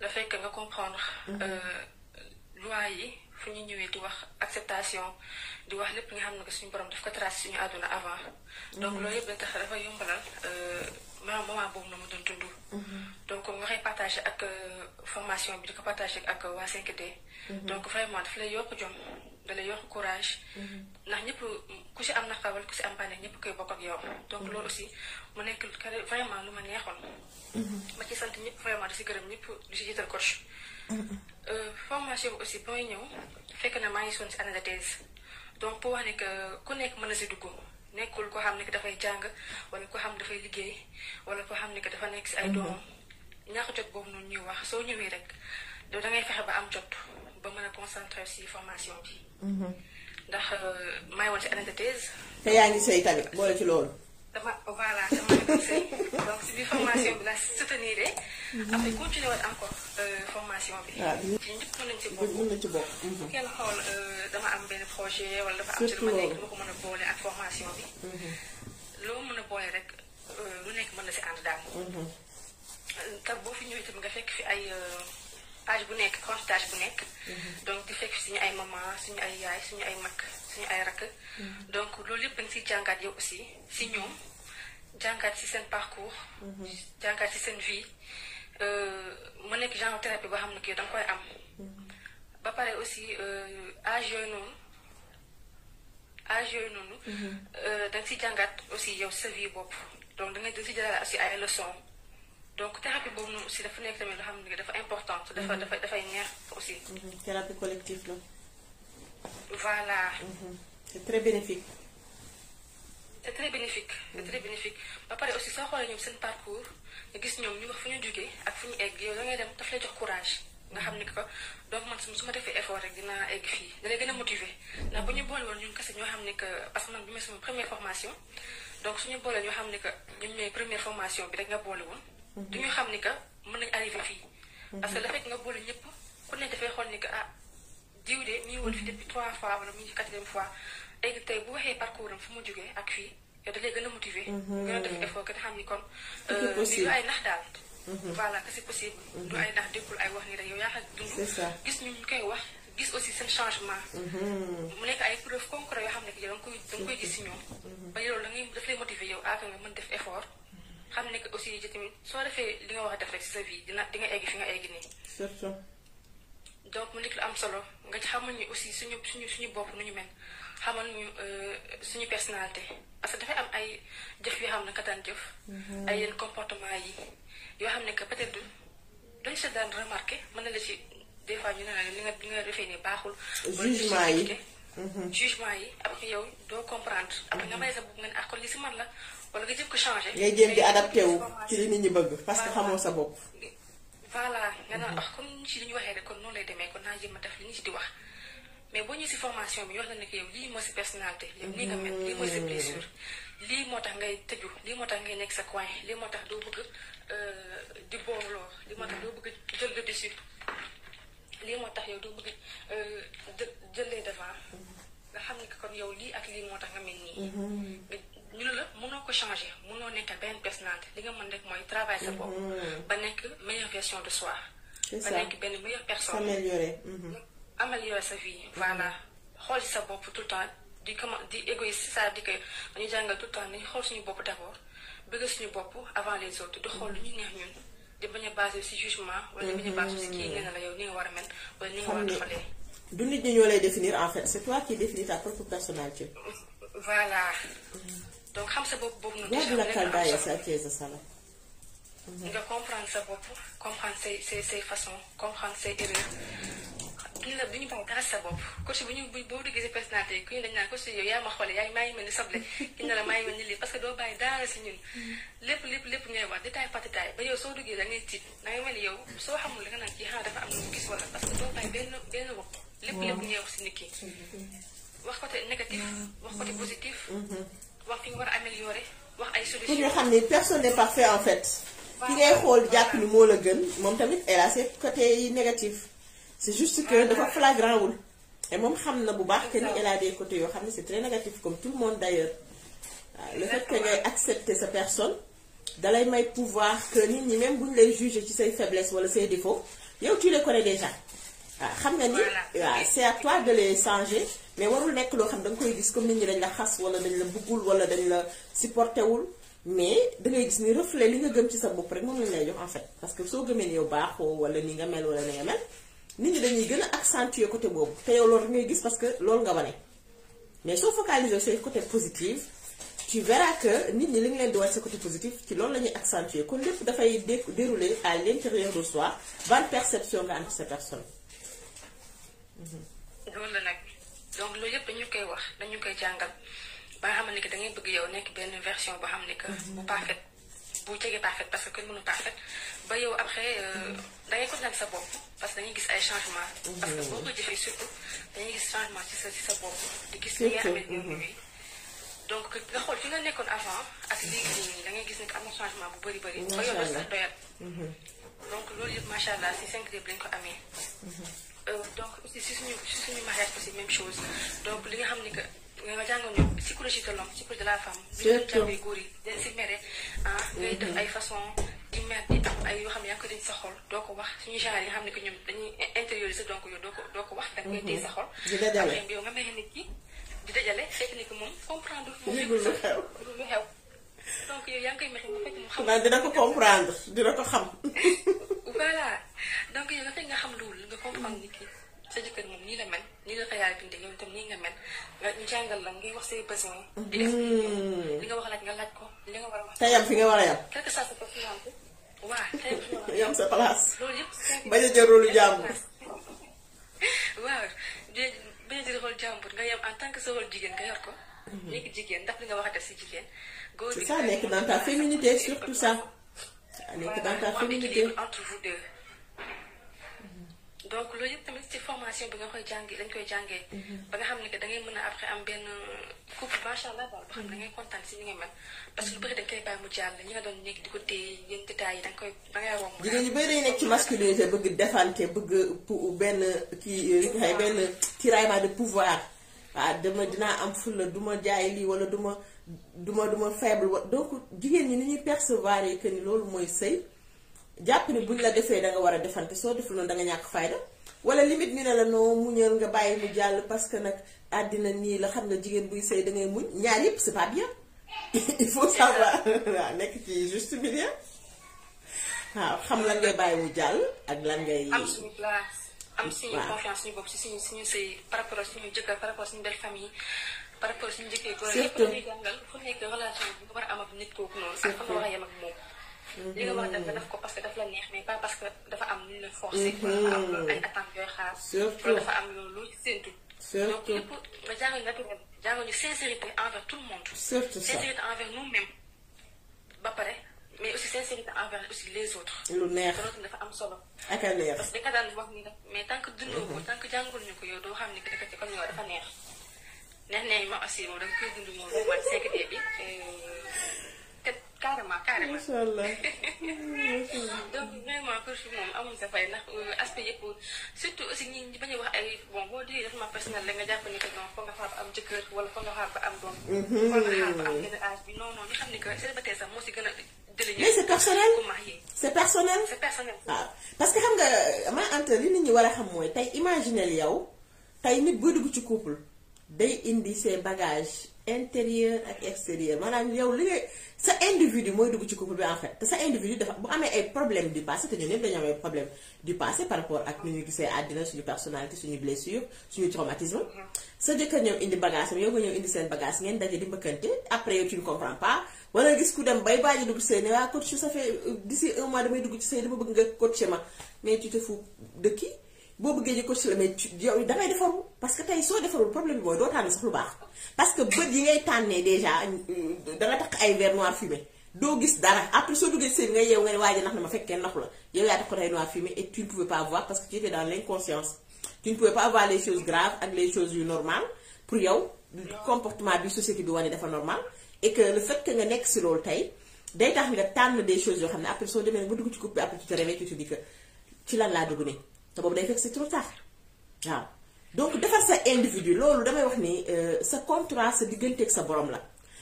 la fekk nga comprendre. Mhm. Euh, loi yi fu ñu ñëwee di wax acceptation di wax lépp nga xam ne que suñu borom daf ko tracé suñu àdduna avant. Mhm. donc loolu yëpp da tax dafa yombalal euh, maanaam moment boobu na mu doon dund. donc nga koy partagé ak formation bi di ko ak waa 5D. donc vraiment daf lay yokk jom. dalay yokk courage. Mm-hmm. ndax ñëpp ku si am naqar wala ku si am bànneex ñëpp koy bokk ak yow. donc mm-hmm. loolu aussi mu nekk vraiment lu ma neexoon. Mm-hmm. ma ci sant ñëpp vraiment di si gërëm ñëpp di si jiital coach. Euh, formation bi aussi ba ñëw fekk na maa ngi sonn si année de thèse donc ne que ku nekk mën na si dugg. nekkul koo xam ne que dafay jàng wala koo xam ne dafay liggéey wala koo xam ne que dafa nekk si ay doomam. ñàkk jot boobu noonu ñuy wax soo ñëwee rek da ngay fexe ba am jot ba mën a concentré si formation bi. ndax euh, may woon si analyse. te yaa ngi sëy tamit boole ci loolu. dama voilà dama ngi sëy donc si biir formation bi la soutenir mhm. après continuer woon encore euh, bi. waaw mhm. euh, am benn projet wala dafa am ci lu ma nekk lu ma ko mën a boole ak formation bi. Mhm. loo mën a boole rek lu nekk mën na si ànd daal. te boo fi ñëwee tamit nga fekk fi ay. page bu nekk compte page bu nekk. Mhm. donc di fekk suñu ay maman suñu ay yaay suñu ay mag suñu ay rakk. Mhm. donc loolu yëpp dañ siy jàngaat yow aussi si ñoom jàngaat si seen parcours. Mhm. jàngaat si seen vie euh, mu nekk genre thérapie boo xam ne kii danga koy am. ba pare aussi euh, âge yooyu noonu âge yooyu noonu. Euh, da nga siy jàngaat aussi yow sa vie bopp donc da nga si nga siy jëlaat ay leçons. donc thérapie boobu noonu aussi dafa nekk tamit loo xam ne dafa importante. dafa mhm. dafa dafay neex aussi. Mhm. thérapie collective la. voilà. Mhm. c'est très bénéfique. c'est très bénéfique. c'est très bénéfique ba pare aussi soo xoolee ñoom seen parcours nga gis ñoom ñu wax fu ñu jógee ak fu ñu egg yow da dem daf lay jox courage. nga xam ni que donc man su ma defee effort rek dina egg fii da gën a motiver ndax bu ñu boole woon ñun kese ñoo xam ne que parce que man bi ma sama suñu boole ñoo xam ne que ñun ñooy première formation bi rek nga boole woon. ñu xam ni que mun nañ arrivé fii. Mhm. que la fekk nga boole ñëpp ku ne xool ni que ah diw de mi ngi woon fi depuis trois fois wala mi ngi quatrième fois léegi tey bu waxee parcours am fu mu jógee ak fii yow da lay gën a motiver. Mhm. xam ni kon. Euh, du ay nax daal. Mhm. voilà que c'est possible. ay wax rek yow yaa xam dund. c'est gis ñu koy wax. gis aussi seen changement. mu nekk ay preuve concret yoo xam ne que yow koy da nga koy si ñoom. ba loolu da ngay daf lay motiver yow à nga mën def effort. xam ne que aussi tamit soo defee li nga wax def rek si sa vie dina di nga egg fi nga egg nii. surtout. donc mu nekk lu am solo nga ci xamal ñu aussi suñu suñu suñu bopp nu ñu mel xamal ñu euh, suñu personnalité parce que dafay am ay jëf yoo xam ne ka daan jëf. Mhm. ay yenn comportement yi yoo xam ne que peut-être du duñ sa daan remarqué mën na la ci des fois ñu ne la li nga li nga defee nii baaxul. jugement yi mhm. jugement yi après yow doo comprendre. après nga mhm. may sa bopp nga ne ah kon li si man la. wala nga jëm ko changé. ngay jéem di adapté wu ci li nit ñi bëgg. parce xamoo sa bopp. voilà nga naan wax kon nit ñi li ñu waxee rek kon noonu lay demee kon naa jéem a def li ñu ci di wax mais boo ñëwee si formation bi yoo xam ne que yow lii mooy sa personnalité. yow nii nga mel lii mooy lii moo tax ngay tëju lii moo tax ngay nekk sa coin lii moo tax doo bëgg euh, di booloo lii moo tax doo bëgg jël le dessus lii moo tax yow doo bëgg euh, jël les devant nga xam ne que kon yow lii ak lii moo tax nga mel nii. Mhm. ñu ne la mënoo ko changer mënoo nekk benn personnalité li nga mën rek mooy travailler sa bopp. Mm-hmm. ba nekk meilleure version de soi. ba nekk benn meilleure personne. s'améliorer. Mm-hmm. améliorer sa vie. voilà sa bopp tout le di comment di égoïste c'est-à-dire que dañu jàngal tout le temps nañu xool suñu bopp d'abord bëgg suñu bopp avant les autres di xool lu ñu neex ñun. di bañ a basé si jugement. wala di bañ a si kii mm-hmm. nee na la yow ni nga war a mel wala ni nga war a defalee. du nit ñi ñoo lay définir en fait c'est toi qui donc xam sa bopp boobu noonu. déjà rek nga am solo nga comprendre sa bopp comprendre say say say façon comprendre say erreur. duñu la duñu baw dara sa bopp coach bu ñu bu boo duggee sa personnalité yi ku ñu dañ naan coach yow yaa ma xoolee yaa maa ngi mel ni soble ki ne la maa ngi mel ni lii parce que doo bàyyi dara si ñun mm-hmm. lépp lépp lépp ngay wax détail par détail ba yow soo duggee da ngay tiit da ngay mel ni yow soo xamul da nga naan kii xanaa ah, dafa am lu mu gis wala parce que doo bàyyi benn benn wax lépp lépp ngay wax si nit ki wax côté négatif mm-hmm. wax côté positif mm-hmm. wax fi nga war a améliorer wax ay solutions. pour xam ni personne n'est parfait en fait. ki ngay xool jàpp ni moo la gën moom tamit elle a ses côtés yi négatifs. c'est juste que dafa flagrant wul. te moom xam na bu baax que ni elle a des côtés yoo xam ne c'est très négatif comme tout le monde d'ailleurs. waaw le fait que ngay accepter sa personne. dalay may pouvoir que nit ñi même buñ lay juger ci say faiblesse wala say défauts yow tu ko connais déjà. waaw xam nga ni waaw c'est à toi de les changer. mais warul nekk loo xam da nga koy gis comme nit ñi dañ la xas wala dañ la bëggul wala dañ la supporté wul mais da ngay gis ni reflet li nga gëm ci sa bopp rek moom lañ lay jox en fait parce que soo gëmee ni yow ni nga mel wala ni nga mel nit ñi dañuy gën a accentuer côté boobu te yow loolu ngay gis parce que loolu nga wane mais soo focaliser sur côté positif tu verras que nit ñi li ñu leen di wax sa côté positif ci loolu la ñuy accentuer kon lépp dafay dérouler à l'intérieur de soi ban perception nga am ci sa personne. loolu la donc loolu yëpp dañu koy wax dañu koy jàngal ba nga xam ne que da bëgg yow nekk benn version boo xam ne que mhm. bu parfaite bu jege parfaite parce que kenn mënu parfaite ba yow après euh, da ko kontaan sa bopp parce que dañuy gis ay changement mhm. parce que boo ko jëfee surtout dañuy gis changement ci sa ci sa bopp di gis li nga xam mhm. donc nga xool fi nga nekkoon avant ak léegi da ngay gis ne am changement bu bëri bëri ba yow sax doyat donc loolu yëpp macha allah si cinq déb lañ ko amee Euh, donc aussi si suñu si suñu mariage aussi même chose donc li nga xam ni que nga jàngoon ñu psychologie de l'homme psychologie de la femme. surtout bi ñu góor yi si mere ah. ngay def mm-hmm. ay façon di mer di am ay yoo xam ne yaa ngi ko dañ sa xol doo ko wax suñu genre yi nga xam ne que ñoom dañuy intérioriser donc yow doo ko doo ko wax. da ngay téye sa mm-hmm. xol. di dajale ak yow nit ki di dajale fekk ni que moom comprendre. yëgul lu xew xew. donc yow yaa ngi koy métti bu fekk mu xam. xanaa dina ko comprendre dina ko xam. (laughs) voilà donc yow nga fekk nga xam loolu nga comprendre nit ki sa jëkkër moom nii la mel nii la fa nii nga mel jàngal la ngay wax say besoin. di def mm-hmm. nga wax laaj nga laaj ko li nga war a wax. te yam fi nga war a yam. yam sa place. loolu yëpp bañ a jël rôle jàmbur. (laughs) waaw di bañ a jël rôle jàmbur nga yam en tant que sa rôle jigéen nga yor ko. Mm-hmm. nekk jigéen ndax li nga wax def si jigéen. c'est ça nekk dans ta féminité surtout ça nekk dans ta féminité loolu yëpp tamit ci formation bi nga koy jàngee dañ koy jàngee. Mhm. ba nga xam ne que da mën a après am benn couple macha allah kontaan si ñi nga mel. parce que lu bëri da nga koy bàyyi mu jàll ñi nga doon nekk di ko téye yenn détails yi da nga koy da ngay romb. jigéen ñu bëri dañu nekk ci masculinité bëgg defante bëgg pour benn kii xëy euh, benn tiraillement de pouvoir. waaw ah, dama dinaa am fulla du ma jaay lii wala du ma duma duma faible wa donc jigéen ñi ni ñuy percevoir que ni loolu mooy sëy jàpp ni buñ la defee da war a defante soo deful noonu da nga ñàkk fayda wala limite ñu ne la noo muñal nga bàyyi mu jàll parce que nag àddina nii la xam nga jigéen buy sëy da ngay muñ ñaar yëpp c'est pas bien (laughs) il faut savoir waaw nekk ci xam lan ngay bàyyi mu jàll ak lan ngay. suñu place am suñu confiance suñu bopp si suñu suñu sëy par rapport ak suñu jëkkër par rapport ak suñu belle famille. par rapport suñu jëkkee góor yëpp dañuy ko parce que daf la neex mais pas am lu ñu la forcé mm-hmm. wala dafa am loolu ay attentes yooy xaar wala dafa am lépp tout le monde sincérité envers nous-mêmes ba pare mais aussi sincérité envers aussi les autres. lu neex loolu am solo. a neex parce que mais tant que dundoo ko tant que jàngul ni ko yow doo xam ne dafa neex. neex na ma aussi moom dama te carrément carrément. macha allah (laughs) donc vraiment coach bi amul sa fay ndax euh, aspect yëpp surtout aussi ñi bañ a wax ay bon boo déggee dafa ma personnel la nga jàpp ni que non foog nga xaar ba am jëkkër wala foog nga xaar mhm. xam ni que moo si gën a. mais c'est personnel c'est personnel c'est ah. parce que xam nga maa ante li nit war a xam mooy tey imaginel yow tey nit buy dugg ci couple. day indi seen bagages intérieur ak extérieur maanaam yow li ngay sa individu mooy dugg ci couple bi en fait te sa individu dafa bu amee ay problème du passé te ñun ñëpp dañu amee problème du passé par rapport ak nu ñu gisee àddina suñu personnalité suñu blessure suñu traumatisme sa jëkkër ñoom indi bagage yow nga ñëw indi seen bagage ngeen daje di mbëkkante après yow tu ne comprends pas wala gis ku dem bay baaji dugg sëy ne waa coach ça fait d'ici dugg ci sëy dama bëgg nga coacher boo bëggee ñu coach yow da defaru parce que tey soo defarul problème bi mooy doo tànn sax lu baax parce que bët yi ngay tànnee déjà euh, da nga ay verre noir fumé doo gis dara après soo duggee seen nga na ma fekkee ndax la yow yaa tax ko que tu étais dans l'inconscience tu ne pouvais pas voir les nekk si loolu tey day tax nga tànn yoo xam ne après soo demee ba dugg ci coupe après tu te réveilles tu ci lan laa dugg ne te boobu day fekk c'est trop tard waaw donc defar sa individu loolu damay wax ni euh, sa contrat sa digganteeg sa borom la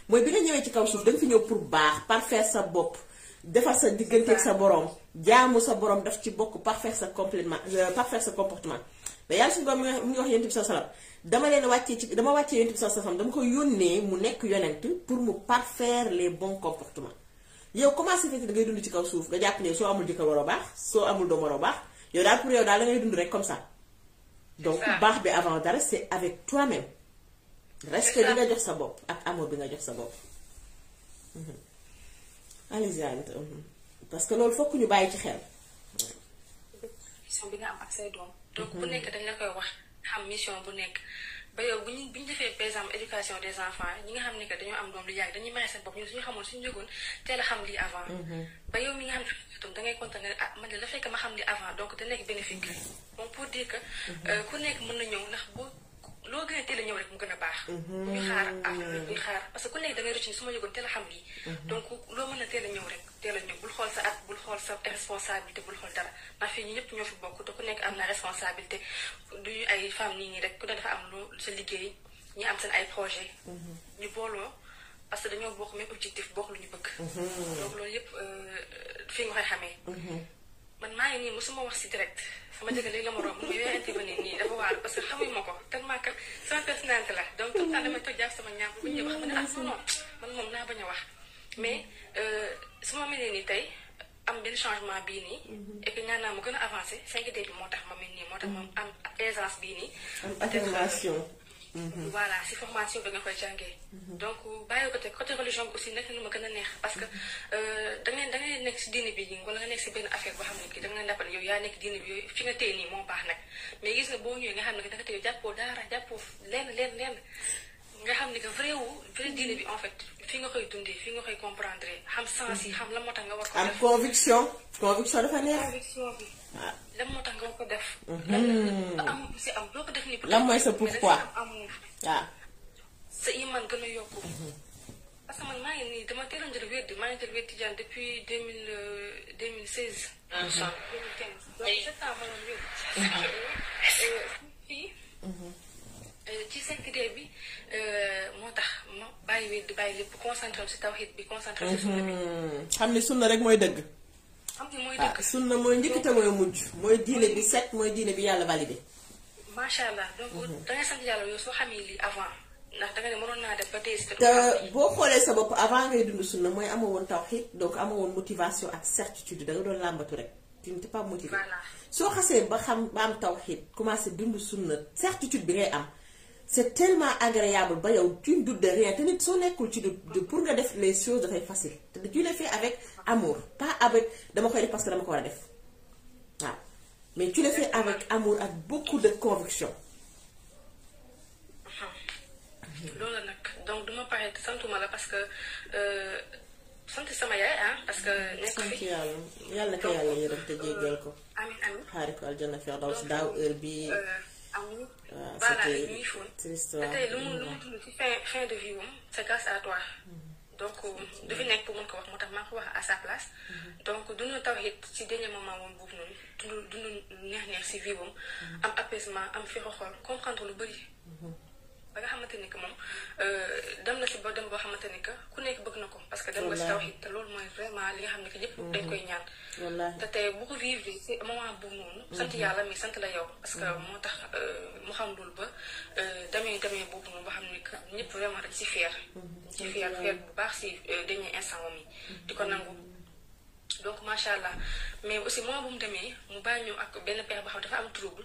mooy bi nga ñëwee ci kaw suuf da nga fi ñëw pour baax parfaire sa bopp defar sa digganteeg sa borom jaamu sa borom daf ci bokk parfaire sa complètement euh, parfaire sa comportement mais yàlla suñu mu ngi wax yonent sa salam dama leen wàccee ci dama wàccee yonent bi sa salam dama ko yónnee mu nekk yonent pour mu parfaire les bons comportements yow commencé fekk da ngay dund ci kaw suuf nga jàpp ne soo amul jëkkër waroo baax soo amul doom waroo yow daal pour yow daal la ngay dund rek comme ça. donc baax bi avant dara c' est avec toi-même. respect bi nga jox sa bopp ak amour bi nga jox sa bopp. Mhm. allez mhm. parce que loolu fokk ñu bàyyi ci xel. mission bi nga am ak say doom. donc bu mhm. nekk dañ la koy wax xam mission bu nekk. ba yow bu ñu bu ñu defee éducation des enfants ñi nga xam ne dañoo am doom lu yàgg dañuy mere seen bopp ñun suñu xamoon suñu jógoon teel a xam lii avant. Mm-hmm. ba mi nga xam ne doom da ngay kontaan nga ah, man de la fekk ma xam lii avant donc da nekk bénéfique. Mm-hmm. donc pour dire que. Mm-hmm. Euh, ku nekk mën na ñëw ndax bu. loo gën a teel a ñëw rek mu gën a baax. ñu mhm. xaar affaire bi ñu xaar parce que ku nekk da ngay rëcc ni su ma yëgoon teel a xam lii. Mhm. donc loo mën a teel a ñëw rek teel ñëw bul xool sa at bul xool sa responsabilité bul xool dara ndax fii ñu ñëpp ñoo fi bokk te ku nekk am na responsabilité du ñu ay femme nii nii rek ku ne am lu sa liggéey ñi am seen ay projet mhm. ñu booloo parce que dañoo bokk même objectif bokk lu ñu bëgg. loolu yëpp euh, fi nga koy xamee. man maa ngi nii mosuma wax si direct sama jëkkër léegi la ma romb mais yooyu intervenir nii dafa waar parce que xamuñ ma ko tellement que sama personnalité la donc tout le temps damay toj sama ñaar bu wax ma ne ah non man moom naa bañ a wax mais euh, su ma mel nii tey am benn changement bii nii. Mhm. et que naa ma gën a avancé 5 de bi moo tax ma mel nii moo tax ma am aisance bii nii. am atténuation. Mm-hmm. voilà si formation bi nga koy jàngee. Mm-hmm. donc bàyyi ko te côté religion bi aussi nekk na lu ma gën a neex parce que mm-hmm. euh, da ngay da ngay nekk si diini bi wala nga nekk si benn affaire boo xam ne ki da nga jàpp ne yow yaa nekk yooyu fi nga téye nii moo baax nag mais gis nga boo ñëwee nga xam ne da nga téye jàppoo daara jàppoo lenn lenn lenn nga xam ne que vrai wu diini bi en fait fi nga koy dundee fi nga koy comprendre xam sens yi xam la moo tax nga war ko def am conviction conviction dafa neex bi. lan moo tax nga ko def. Mhm. lan loo ko def nii. lan mooy sa pourquoi waaw. Ah. sa iman gën a yokku. Mhm. parce que man maa ngi nii dama teel a jël wér maa ngi jël wér tijaan depuis deux mille euh, deux mille seize. Ah, incha euh, euh, mhm. ci sankidee bi moo tax ma bàyyi wér di bàyyi lépp concentré si tawhid bi concentré si sunna bi. xam ni sunna rek mooy dëgg. waaw ah, sunna mooy njëkk te mooy mujj mooy diine bi set mooy diine bi yàlla validé. macha allah donc mhm. da nga sant yàlla soo xamee avant ndax danga ne mënoon naa def ba te boo xoolee sa bopp avant ngay dund sunna mooy amoo woon tawxiid donc amoo woon motivation ak certitude danga doon làmbatu rek tu n'étais pas motivé. soo xasee ba xam ba am tawxiid commencé dund sunna certitude bi ngay am. c'est tellement agréable ba yow tu ne rien te nit soo nekkul ci doute pour nga def les choses dafay facile te tu le fais avec. amour pas avec dama koy def parce dama ko a def waaw mais tu le avec amour ak beaucoup de conviction. loolu la nag donc duma pare santuma la parce que euh, sant sama yaay ah nekk yàlla yàlla na ko yàlla yërëm te jéggal ko. amiin ko aljanna fi daw daaw heure bii. Euh, waaw tey lu mu lu donc euh, du fi nekk pour mun ko wax moo tax maa ko wax à sa place. Mhm. donc taw tawhid ci dernier moment moom boobu noonu dund dund neex-neex si vie mhm. am apaisement am fi xool comprendre lu bëri. Mhm. ba xamante ni que moom euh, dem na si boo dem boo xamante ni que ku nekk bëgg na ko. parce que dem nga si tawhid te loolu mooy vraiment li nga xam ne que ñëpp mm-hmm. dañ koy ñaan. wallaahi te tey bu ko mm-hmm. yàlla mais sant la yow. Mm-hmm. moo tax euh, mu xam loolu ba euh, demee demee boobu noonu xam ne que ñëpp vraiment si fier. ci fier fier bu baax si dernier instant moom yi. di ko nangu. donc macha allah mais aussi moom bu mu demee mu bàyyi ñëw ak benn père boo xam dafa am trouble.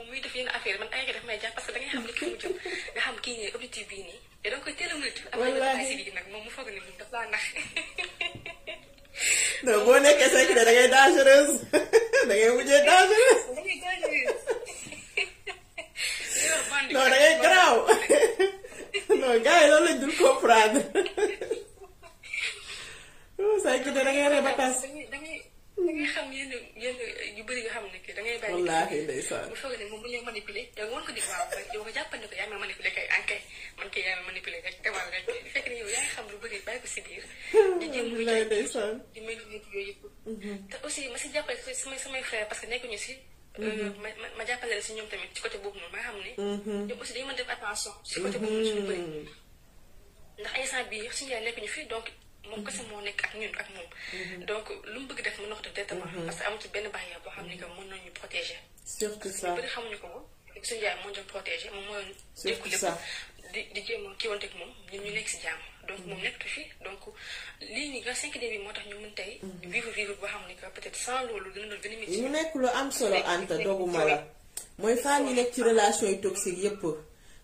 moom muy def yenn man ay def may jàpp parce que da ngay xam ne kii mu jëm nga xam kii nii objectif bii nii te a a. wallaahi (laughs) boo nekkee secret da ngay dangereuse (laughs) da ngay mujjee dangereuse. da ngay dangereuse. non da ngay garaaw (laughs) non gars yi loolu lañ dul comprendre. secret oh, da da xam yenn yenn yu bëri nga xam ne kii da ngay bàyyi. wallaahi ndeysaan bu fekkee ne moom bu ñu lay manipulé yow nga mën ko ne ah, yow yaa ngi xam lu bëri bàyyi ko si biir. di jéem lu jaay di mel ni yooyu yëpp. Mm-hmm. te aussi ma si jàppale samay samay frère parce que nekkuñu si. Mm-hmm. Euh, ma ma ma jàppale la si ñoom tamit ci côté boobu moom ma xam ne. Mm-hmm. ñoom aussi dañu mën def attention. si côté boobu noonu suñu bëri. ndax instant bii suñu yaay nekkuñu fii moom kese moo nekk ak ñun ak moom. Mhm. donc lu mu bëgg def mën na te te directement. Mhm. parce que amu ci benn barrière boo xam ne que mën nañu protéger. surtout ça ko moom. suñu jaay moom moo doon. surtout lépp di di jéem a moom ñu nekk si jàmm. donc moom mhm. nekkatu fi donc lii nii nga 5 bi moo tax ñu tey. vivre vivre boo xam ne que peut-être sans loolu dina doon benn nekk lu am solo Anta doguma la mooy femmes yi nekk ci relation yi yu toxique yépp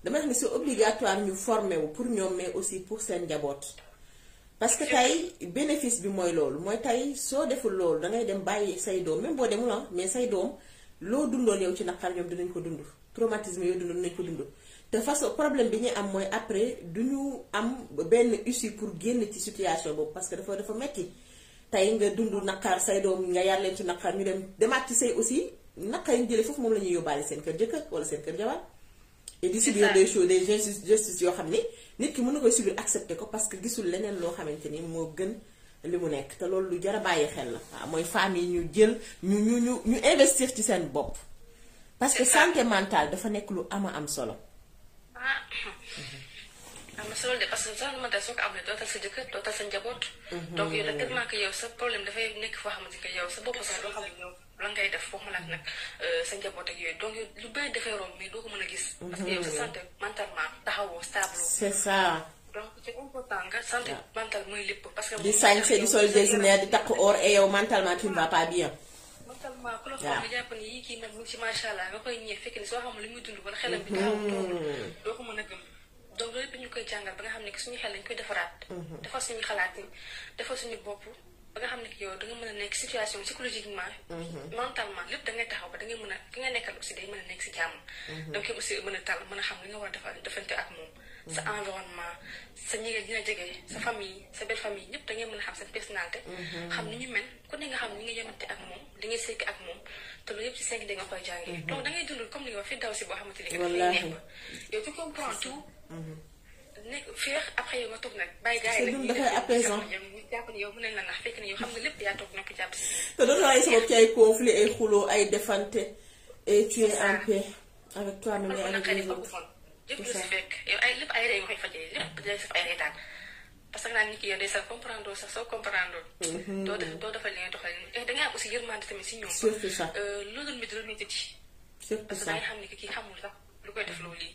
dama ne c'est obligatoire ñu former wu pour ñoom mais aussi pour seen njaboot. parce que tey bénéfice bi mooy loolu mooy tey soo deful loolu dangay dem bàyyi say doom même boo demul ah, mais say doom loo dundoon yow ci naqar ñoom dinañ ko dund traumatisme yooyu dund dinañ ko dund te façon problème bi ñu am mooy après du ñu am benn issue pour génn ci situation boobu parce que dafa dafa metti tey nga dund naqar say doom nga yar leen ci naqar ñu dem demaat ci say aussi naqar yi ñu foofu moom la ñuy yóbbaale seen kër jëkkër wala seen kër jabar et di subir de choses des injustices yoo xam ni nit ki mën na koy subir accepté ko parce que gisul leneen loo xamante ni moo gën li mu nekk te loolu lu jar a bàyyi xel la waaw mooy femmes yi ñu jël ñu ñu ñu ñu investir ci seen bopp parce que santé mentale dafa nekk lu am solo. Ah, am solo de parce que santé mentale soo ko amee dootal sa jëkkër dootal sa njaboot. Mhm. donc yow da tellement que yow sa problème dafay nekk sa bopp sax doo xam lan ngay def foofu nag nag euh, sa njaboot ak yooyu donc lu bëri defee romb mais doo ko mën a gis. Mhm. parce que yow sa santé mentalement taxawoo stable. c'est ça. donc mooy lépp parce que. di sañse di sol designer di takk or et yow mentalement tu ne vas pas bien. ku la xool ni yii kii nag mu ngi ci macha allah nga koy ñëw fekk ni soo xamul li muy dund wala xelam bi taxawu toolu mhm. doo ko mën a gëm. donc loolu yëpp ñu koy jàngal ba nga xam ne ki su suñu xel lañ koy defaraat. Mhm. defar suñu xalaat yi defar suñu bopp. ba nga xam ne yow da mën a nekk situation psychologiquement. Mhm. mentalement lépp da taxaw ba da mën a ki nga nekkal aussi a mhm. a tal mën a xam a defal defante ak moom. sa mhm. environnement sa ñi nga jege sa famille sa belle famille ñëpp da mën a xam seen personnalité. xam ni ñu mel ku ne nga xam ni nga yemante ak moom li nga sekk ak moom te loolu yëpp ci cinq da nga koy jàngee. donc da ngay comme li nga wax fi daw si boo xamante ni. wallaahi yow tu comprends nekk féex après yow nga toog nag bàyyi gars yi nag dafay apaisant ñu xam nga lépp yaa toog noppi jàpp si te dootul ay sabab ci ay conflit ay xuloo ay defante et tu es ay lépp ay rey nga koy fajee lépp ki yow day sax comprendre sax soo comprendre mm-hmm. doo doo defal li nga doxal eh da ngaa am aussi yërmande tamit si ñoom surtout loolu mi di loolu surtout sax lu koy def loolu lii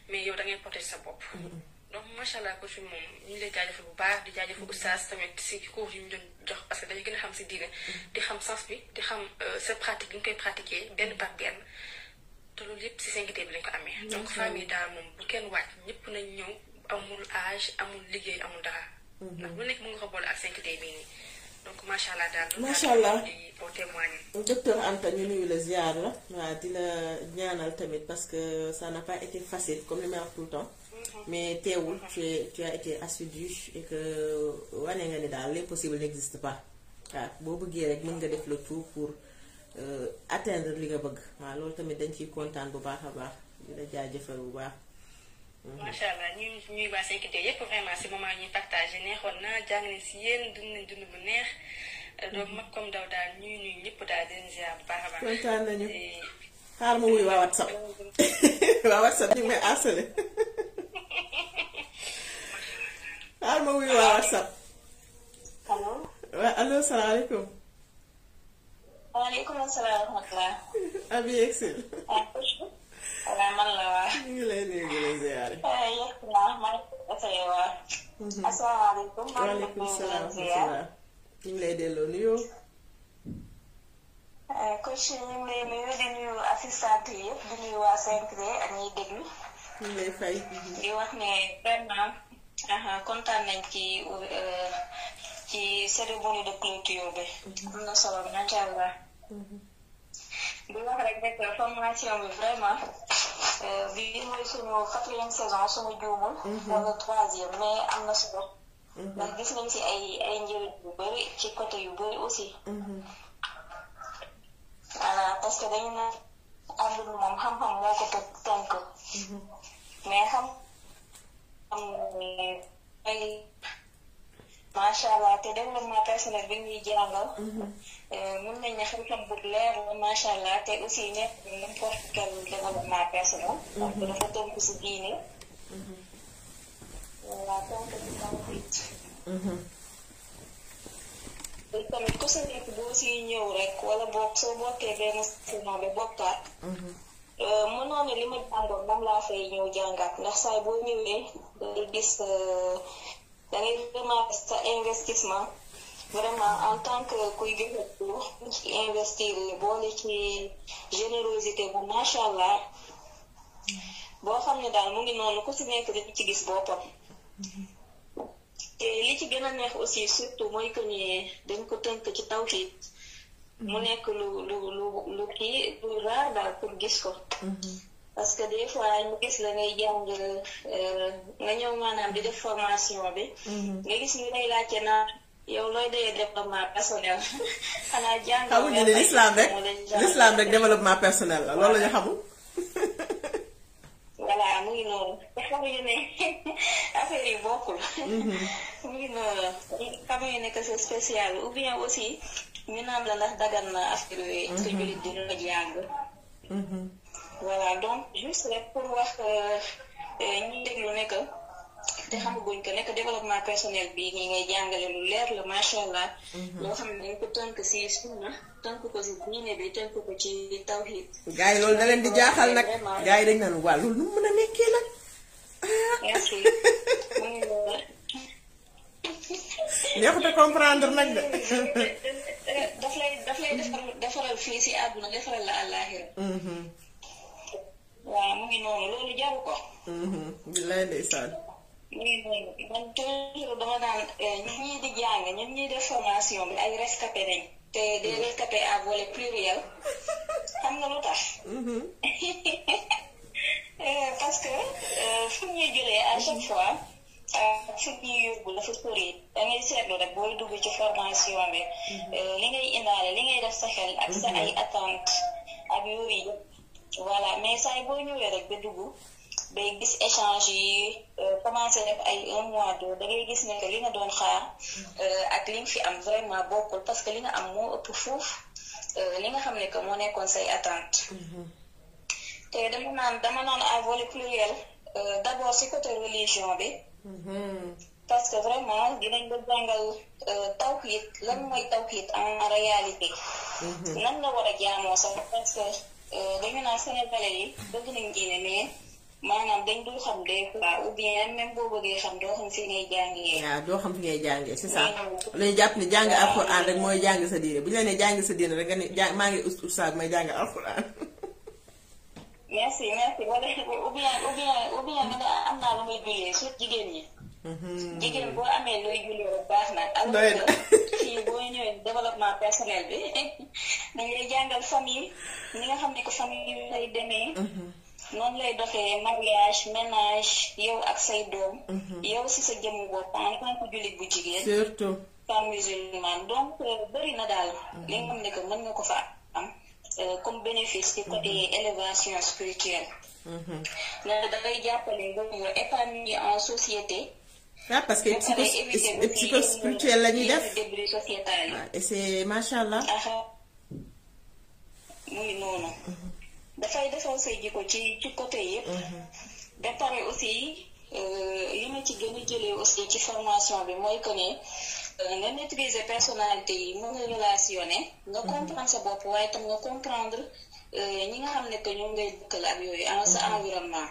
mais yow da ngay sa bopp. donc macha allah ko moom ñu ngi lay jaajëfal bu baax di jaajëfal oustaz tamit si cours yu ñu doon jox parce que dañu gën a xam si diine. di xam sens bi di xam euh, sa pratique bi ñu koy pratiquer benn par benn te loolu yëpp si cinquante bi lañ ko amee. donc mii daal moom bu kenn wàcc ñëpp nañ ñëw amul âge amul liggéey amul dara. Mhm. ndax bu nekk mu nga ko boole ak cinquante bii nii. donc macha allah daal macha allah docteur Anta ñu nuyu la ziar la waaw di la ñaanal tamit parce que ça n'a pas été facile comme li may wax tout temps mm-hmm. mais teewul mm-hmm. tu tu as été assidu et wane nga ni daal l'impossible n'existe pas waaw boo bëggee rek mën nga def le tout pour euh, atteindre li nga bëgg waaw loolu tamit dañ ciy kontaan bu baax a baax di la jaajëfal bu baax macha allah ñuy ñuy waa 5D si moment ñuy partagé neexoon na jàng si yéen dund nañ dund bu neex donc mhm. mag comme daw daal ñuy nuyu ñëpp daal di bu baax a baax. nañu xaar ma wuyu waa WhatsApp (laughs) (laughs) waa WhatsApp (laughs) waa WhatsApp. salaam wa rahmatulah. Abi waaw man la waa. ñu ngi lay nuyu ñu ngi lay ziare. yéen naa maa ngi koy waa. asalaamaaleykum. waaleykum salaam wa rahmatulah. ñu ngi lay delloo nuyoo. coach ñu ngi lay nuyu di nuyu assistant yëpp di nuyu waa 5D ak ñiy déglu. ñu ngi lay fay. di wax ne vraiment kontaan nañ ci ci cérémonie de clôture bi. am na solo macha allah. di wax rek rek formation bi vraiment bii mooy sunu quatrième saison sunu juumul. wala troisième mais am na solo. ndax gis nañ si ay ay njëriñ yu bëri ci côté yu bëri aussi. voilà parce que dañu ne àdduna moom xam-xam moo ko tënk mais xam-xam ay. macha allah eh, te développement personnel bi ñuy jàngal. mun nañ ne xam-xam leer la allah te aussi nekk n'importe quel développement personnel. parce que dafa tënk si diine. voilà tënk si tawhid. léegi tamit ku boog soo bokkee benn ne li ma jàngoon laa fay ñëw jàngaat ndax saay boo ñëwee di da ngay sa investissement vraiment en tant que kuy gëna ci investir boole ci générosité bu macha allah boo xam ne daal mu ngi noonu ku si nekk dañu ci gis boppam te li ci gën a neex aussi surtout mooy que ni dañ ko tënk ci taw tawxiid mu nekk lu lu lu lu kii lu raar daal pour gis ko mm-hmm. parce que des fois ñu gis la ngay jàng euh, nga ñëw maanaam di def formation bi. Mm-hmm. nga gis ñu lay laajte naa yow looy dee développement personnel. (laughs) xanaa jàng xamuñu ne rek développement personnel la loolu la xamul. (laughs) voilà mu ngi noonu te xamuñu ne (laughs) affaire yi bokkul. Mm-hmm. mu ngi noonu xamuñu ne que c'est spécial ou bien aussi ñu naan la ndax dagan na affaire yooyu. te mm-hmm. jullit dina ko jàng. voilà donc juste rek pour wax euh, euh, ñi déglu ne que te xamaguñ ko nekk que développement personnel bi nii ngay jàngale lu leer la macha allah. Mhm. loo xam ne dañ ko tënk si sunna tënk ko si ko ci tawhid. gars yi loolu da leen di jaaxal nag gars yi dañ naan waa nu mu a nekkee nag. merci. (laughs) a comprendre nag de. (laughs) daf lay daf lay defaral defaral fii si àdduna defaral la àllaaxira mhm. waaw mu ngi noonu loolu jaru ko. Mm-hmm. billaay ndeysaan. mu ngi noonu man toujours dama daan eh, ñun ñii di jàng ñun ñuy def formation bi ay rescapé nañ. te des mm-hmm. rescapés à volet pluriel xam nga lu tax. Mm-hmm. (laughs) Eh, parce que eh, fu ñuy jëlee à chaque fois. fu ñuy yóbbu dafa sori da ngay seetlu rek booy dugg ci formation bi. li ngay indaale li ngay def sa xel. ak sa ay attentes ak yooyu voilà mais saa yi boo ñëwee rek ba dugg ba gis échange yi euh, commencé def ay un mois de da gis ne que li nga doon xaar euh, ak li fi am vraiment bokkul parce que li nga am moo ëpp fuuf euh, li nga xam ne que moo nekkoon say attente mm-hmm. te dama naan dama naan en volet pluriel d'abord si côté religion bi mm-hmm. parce que vraiment dinañ ba jàngal tawhid lan mooy tawhid en réalité mm-hmm. nan nga war a jaamoo sax parce que dañu naan sénégalais yi bëgg nañ diine mais maanaam dañ dul xam des fois ou bien même boo bëggee xam doo xam fi ngay jàngee. waaw doo xam fi ngay jàngee c'est ça. dañuy jàpp ni jàng alxuraan rek mooy jàng sa diine bu ñu la nee jàng sa diine rek nga ne maa ngi ustaas may jàng alxuraan. merci merci wala ou bien ou bien ou bien am naa lu muy jullee surtout jigéen ñi. jigéen boo amee looy jullee rek baax na. doy développement personnel bi (laughs) dañu lay jàngal famille ni nga xam ne ko famille yu lay demee. Mhm. noonu lay doxee mariage ménage yow ak say doom. Mhm. yow si sa jëmm bopp en tant que jullit bu jigéen. surtout femme musulmane donc euh, bëri na daal. Mhm. li nga xam ne mën nga ko fa am euh, comme bénéfice ci côté élévation spirituelle. loolu da ngay jàppale nga épargne en société. ah parce que psycho psycho spirituel la ñuy def e c'est macha allah. muy ah, ah. noonu. dafay defal say jikko ci ci côté yëpp. Mm-hmm. ba aussi aussi euh, li ma ci gën a jëlee aussi ci formation bi mooy que ne. Euh, nga maîtriser personnalité yi mën nga relationné nga mm-hmm. comprendre sa bopp waaye tam nga comprendre euh, ñi nga xam ne que ñoom ngay dëkkal ak yooyu en sa mm-hmm. environnement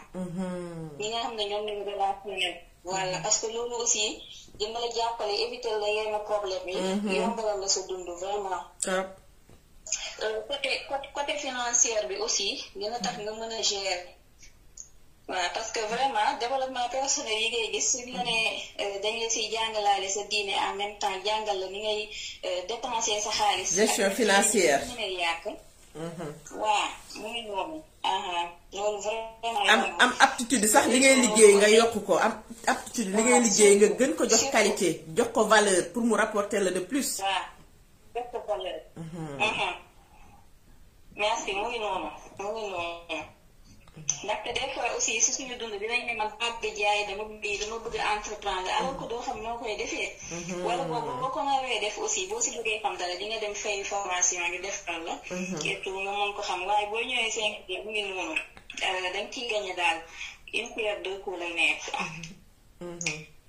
ñi nga xam ne ñoom lañu relationné voilà parce que loolu aussi dina la jàppale éviter la yenn problème yi. Mhm. yombalal la sa dund vraiment. Euh, côté côté financière bi aussi dina tax nga mën a gérer. waaw parce que vraiment développement personnel yi ngay gis suñu la nee euh, dañ la jàngalaale sa diine en même temps jàngal la ni ngay euh, dépenser sa xaalis. gestion financière ak mën yàq. Mhm. muy noonu. am am aptitude sax li ngay liggéey nga yokk ko am aptitude li ngay liggéey nga gën ko jox qualité jox ko valeur pour mu rapporter la de plus. waaw ndaxte des fois aussi si suñu dund dinañ ne man xaat bi jaay dama lii dama bëgg entreprendre alors que doo noo koy defee mhm. wala boobu boo ko nawee def aussi boo si bëggee xam dara di nga dem fay formation ñu def defal la képp mhm. nga mën ko xam waaye boo ñëwee cinq mu ngi noonu euh, dañ ciy gañe daal une cuillère deux coups la nekk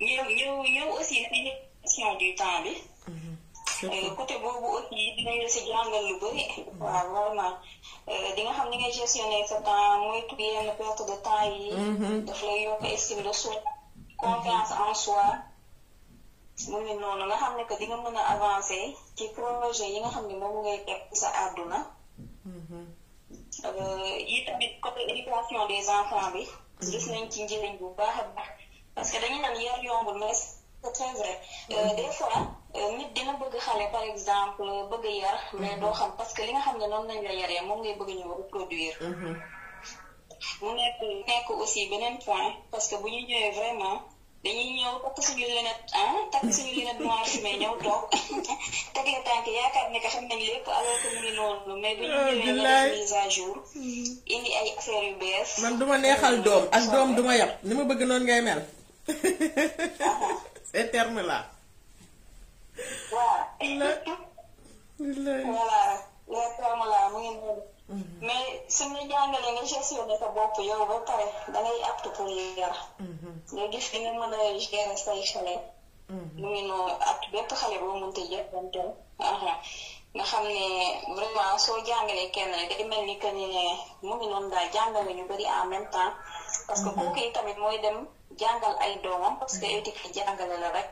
ñëw ñëw ñëw aussi nañu question du temps bi mhm. côté boobu aussi dinañ la si jàngal lu bëri. waaw euh, di nga xam ni ngay gestionner sa temps moytu yenn perte yi. Mm-hmm. daf lay de soi. confiance en soi. mu ngi noonu nga xam ne que di nga mën a avancé ci projet yi nga xam ne moom ngay teg sa adduna mm-hmm. euh, yi tamit côté éducation des enfants bi. gis nañ ci njëriñ bu baax parce que dañu naan yar yombul mais. c'est très vrai des fois euh, nit dina bëgg xale par exemple euh, bëgg yar mais mhm. doo xam parce que li nga xam ne noonu lañ la yaree moom ngay bëgg ñëw reproduire mhm. mu nekk nekk aussi beneen point parce que bu ñuy ñëwee vraiment dañuy ñëw takk suñu lunette ah takk suñu lunette noire mais ñëw toog (laughs) teg tànk yaakaar ne que xam nañ lépp alors que mu ngi noonu mais bu ñu ah, ñëwee à jour mhm. indi ay affaires yu bees man duma neexal doom ak doom duma yab ni ma bëgg noonu ngay mel (laughs) ces termes là. voilà. voilà les mu ngi noonu. Mhm. mais suñu jàngalee nga gestionné sa bopp yow ba pare da ngay apte pour yar. Mhm. nga gis ni nga a gérer say xale. Mhm. mu ngi noonu apte bépp xale boo mënta jëfandikoo. nga xam ne vraiment soo jàngalee kenn day mel ni que ni ne mu ngi noonu daal jàngale ñu bëri en même temps. parce que kooku yi tamit mooy dem. jàngal ay doomam parce que éthique jàngale la rek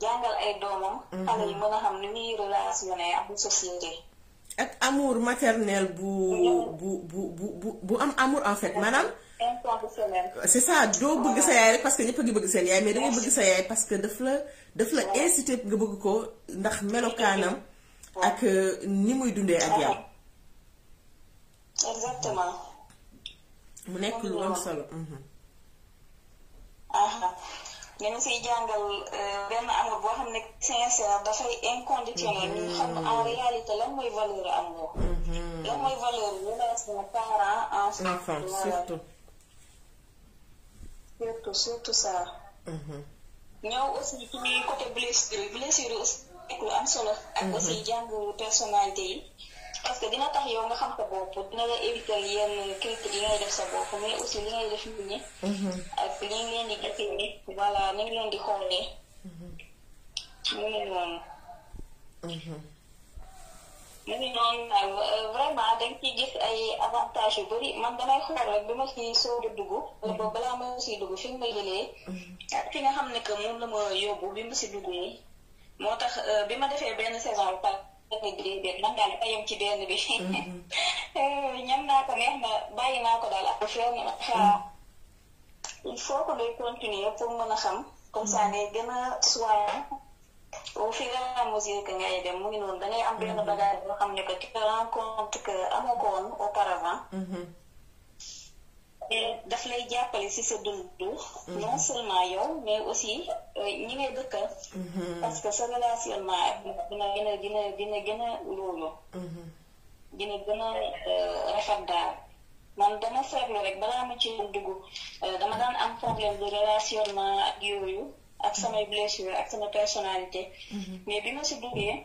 jàngal ay doomam. Mhm. xale xam ni muy relationné ak bu société. ak maternel bu bu bu bu bu am amur en fait maanaam. c'est ça doo bëgg sa yaay parce que ñëpp a ngi bëgg seen yaay mais dangay bëgg sa yaay parce que daf la daf la incité nga bëgg ko ndax melokaanam ak euh, ni muy dundee ak yow. mu nekk lu am solo. Mhm. ñu ngi siy jàngal euh, benn amour boo xam ne sincère dafay inconditionnel mm-hmm. ñu xam en réalité lan mooy valeur amour. Mm-hmm. lan mooy valeur relation parent enfant surtout surtout surtout ça. Mm-hmm. ñëw aussi ci côté blessure blessure aussi nekk lu am solo. ak aussi jàngalu personnalité yi. parce que dina tax yow nga xam sa bopp dina la éviter yenn critique yi def sa bopp mais aussi mhm. nga mhm. mhm. ay avantages yu bëri man damay xool rek bi ma dugg. ba balaa nga xam ne que moom la ma yóbbu bi ma si dugg nii. moo tax euh, bi ma defee benn saison ba pare. ni déedéet man daal ci benn bi ñam naa ko neex na bàyyi naa ko daal ak fenn il faut que ngay continuer pour mën a xam comme ça ngay gën a soigné au fur et à mesure que ngay dem mu ngi noonu da am benn bagage boo xam ne que tu te rends compte que amoo ko woon auparavant daf lay jàppale si sa dundu. Mhm. non seulement yow mais aussi euh, ñi ngay dëkkal. Mhm. parce que sa relationnement ak dina gën a dina dina gën a loolu. Mhm. dina gën a euh, rafet daal man dama seetlu rek balaa ma ci dugg euh, dama daan am problème de relationnement ak yooyu ak samay blessure ak sama personnalité. mais bi ma si duggee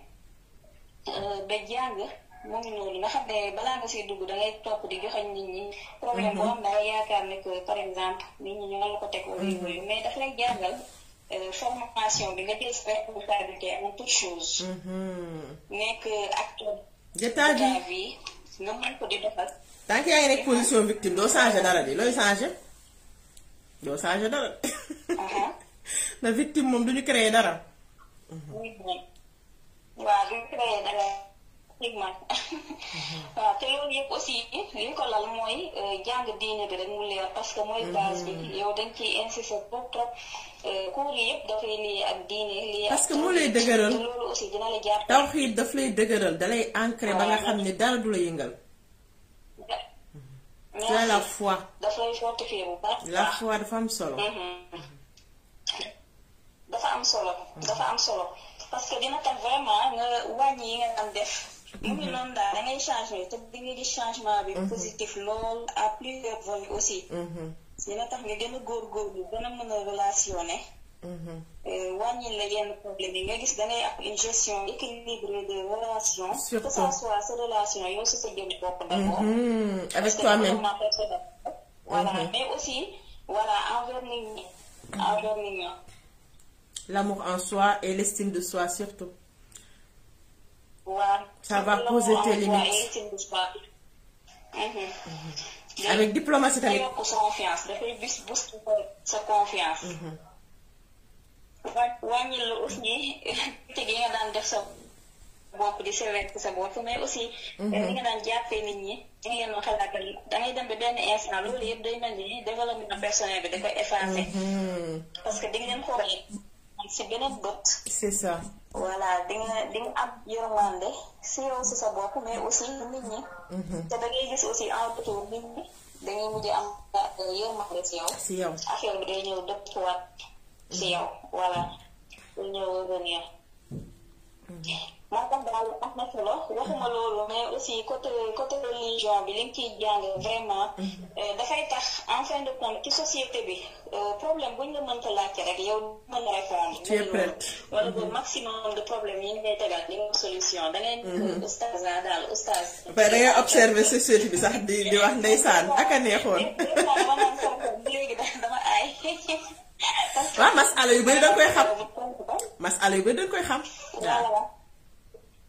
ba jàng. mu ngi noonu nga xam ne balaa nga dugg da ngay di joxe mhm. yaakaar ne par ko teg wala yooyu mhm. mais daf lay jàngal euh, formation mhm. ko di defal. tant que yaa ngi nekk position victime doo changé dara de looy changé doo changé dara. Uh-huh. (laughs) na victime moom du ñu créé dara. waaw du ñu dara. effectivement mhm. waaw te loolu yëpp aussi li ñu ko lal mooy euh, jàng diine bi rek mu leer parce que mooy base bi mhm. yow dañ ciy insister trop trop euh, cours yi yëpp dafay lii ak diine lii parce que moo lay dëgëral loolu aussi dina dëgëral dalay ancré ba nga ah. xam ne dara du la yëngal c'est la foi daf lay fortifier bu baax la foi mhm. dafa am solo dafa am solo parce que dina tax vraiment nga wàññi yi nga am def mu ngi noonu daal da nga gis changement bi. Mhm. positif lool à plusieurs volets aussi. Mhm. dina tax nga gën a góorgóorlu gën a mën a relationné. Mhm. Euh, wàññil la yenn problème yi nga gis da ngay une gestion équilibrée des relations. surtout surtout. waaw ça va poser tes limites mhm. avec diplomatie tamit yokk sa confiance dafay bis boost sa confiance. Mhm. wàññil la aussi (laughs) te gi nga daan def sa bopp di sévère sa bopp mais aussi. Mhm. Eh, li nga daan nit ñi di nga leen xalaatal da ngay dem ba benn instant loolu yëpp day mel ni développement personnel bi da koy effacé. parce que di nga si beneen bët. c'est ça. voilà di nga am yërmande si yow si sa bopp mais aussi nit ñi. Mm-hmm. te da ngay gis aussi en retour nit ñi dañuy mujj am yërmande si yow. si yow affaire bi day ñëw dëppuwaat si mm-hmm. yow voilà. day ñëw revenir. Mm-hmm. moo tax daal na solo waxuma loolu mais aussi côté côté religion bi li nga ciy jàng vraiment euh, dafay tax en fin de compte ci société bi euh, problème bu ñu la mënta laajte rek yow mën na mm-hmm. de problème yi ñu ngay tegal di nga solution da ngay mm-hmm. oustaz ah, daal oustaz ba bi sax di di wax ndeysaan ak a neexoon (laughs) léegi dama aay (laughs) waaw masala yu bëri da nga koy xam (laughs) masala yu bëri da koy xam waaw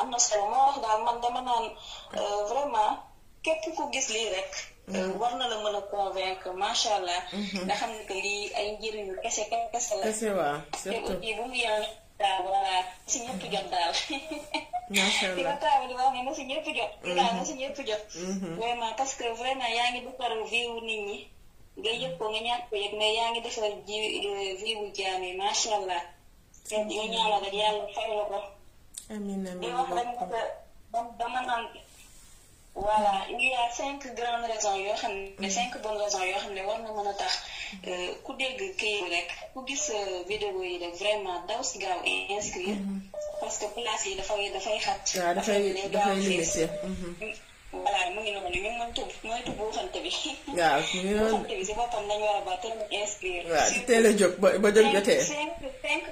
am na solo moo wax daal man dama vraiment képp ku gis lii rek. war na la mën a convaincre macha allah. nga xam ne que lii ay njëriñ yu kese kese la. kese waaw surtout te bu mu yàlla daal si ñëpp jot daal. macha allah li ma na si ñëpp jot. parce que vraiment yaa ngi defar vie wu nit ñi nga yëg nga ñàkk ko yëg mais yaa ngi defar ji vie wu jaam yi macha allah. nga ñaanal fay la amiin amiin di a cinq grandes raisons yoo xam ne mm. cinq bonnes raisons yoo xam ne war na mën a tax mm. euh, ku dégg kii rek ku gis euh, vidéo yi rek vraiment daw si gaaw mm-hmm. parce que place yi dafay dafay xat. waaw dafay dafay limité. Mm-hmm. Mm, voilà mu ngi noonu ñu mën tub mooy tub waxante bi. (laughs) waaw ñu (laughs) waxante si boppam dañu war a a inscrire. waaw teel a jóg ba ba jóg jotee. cinq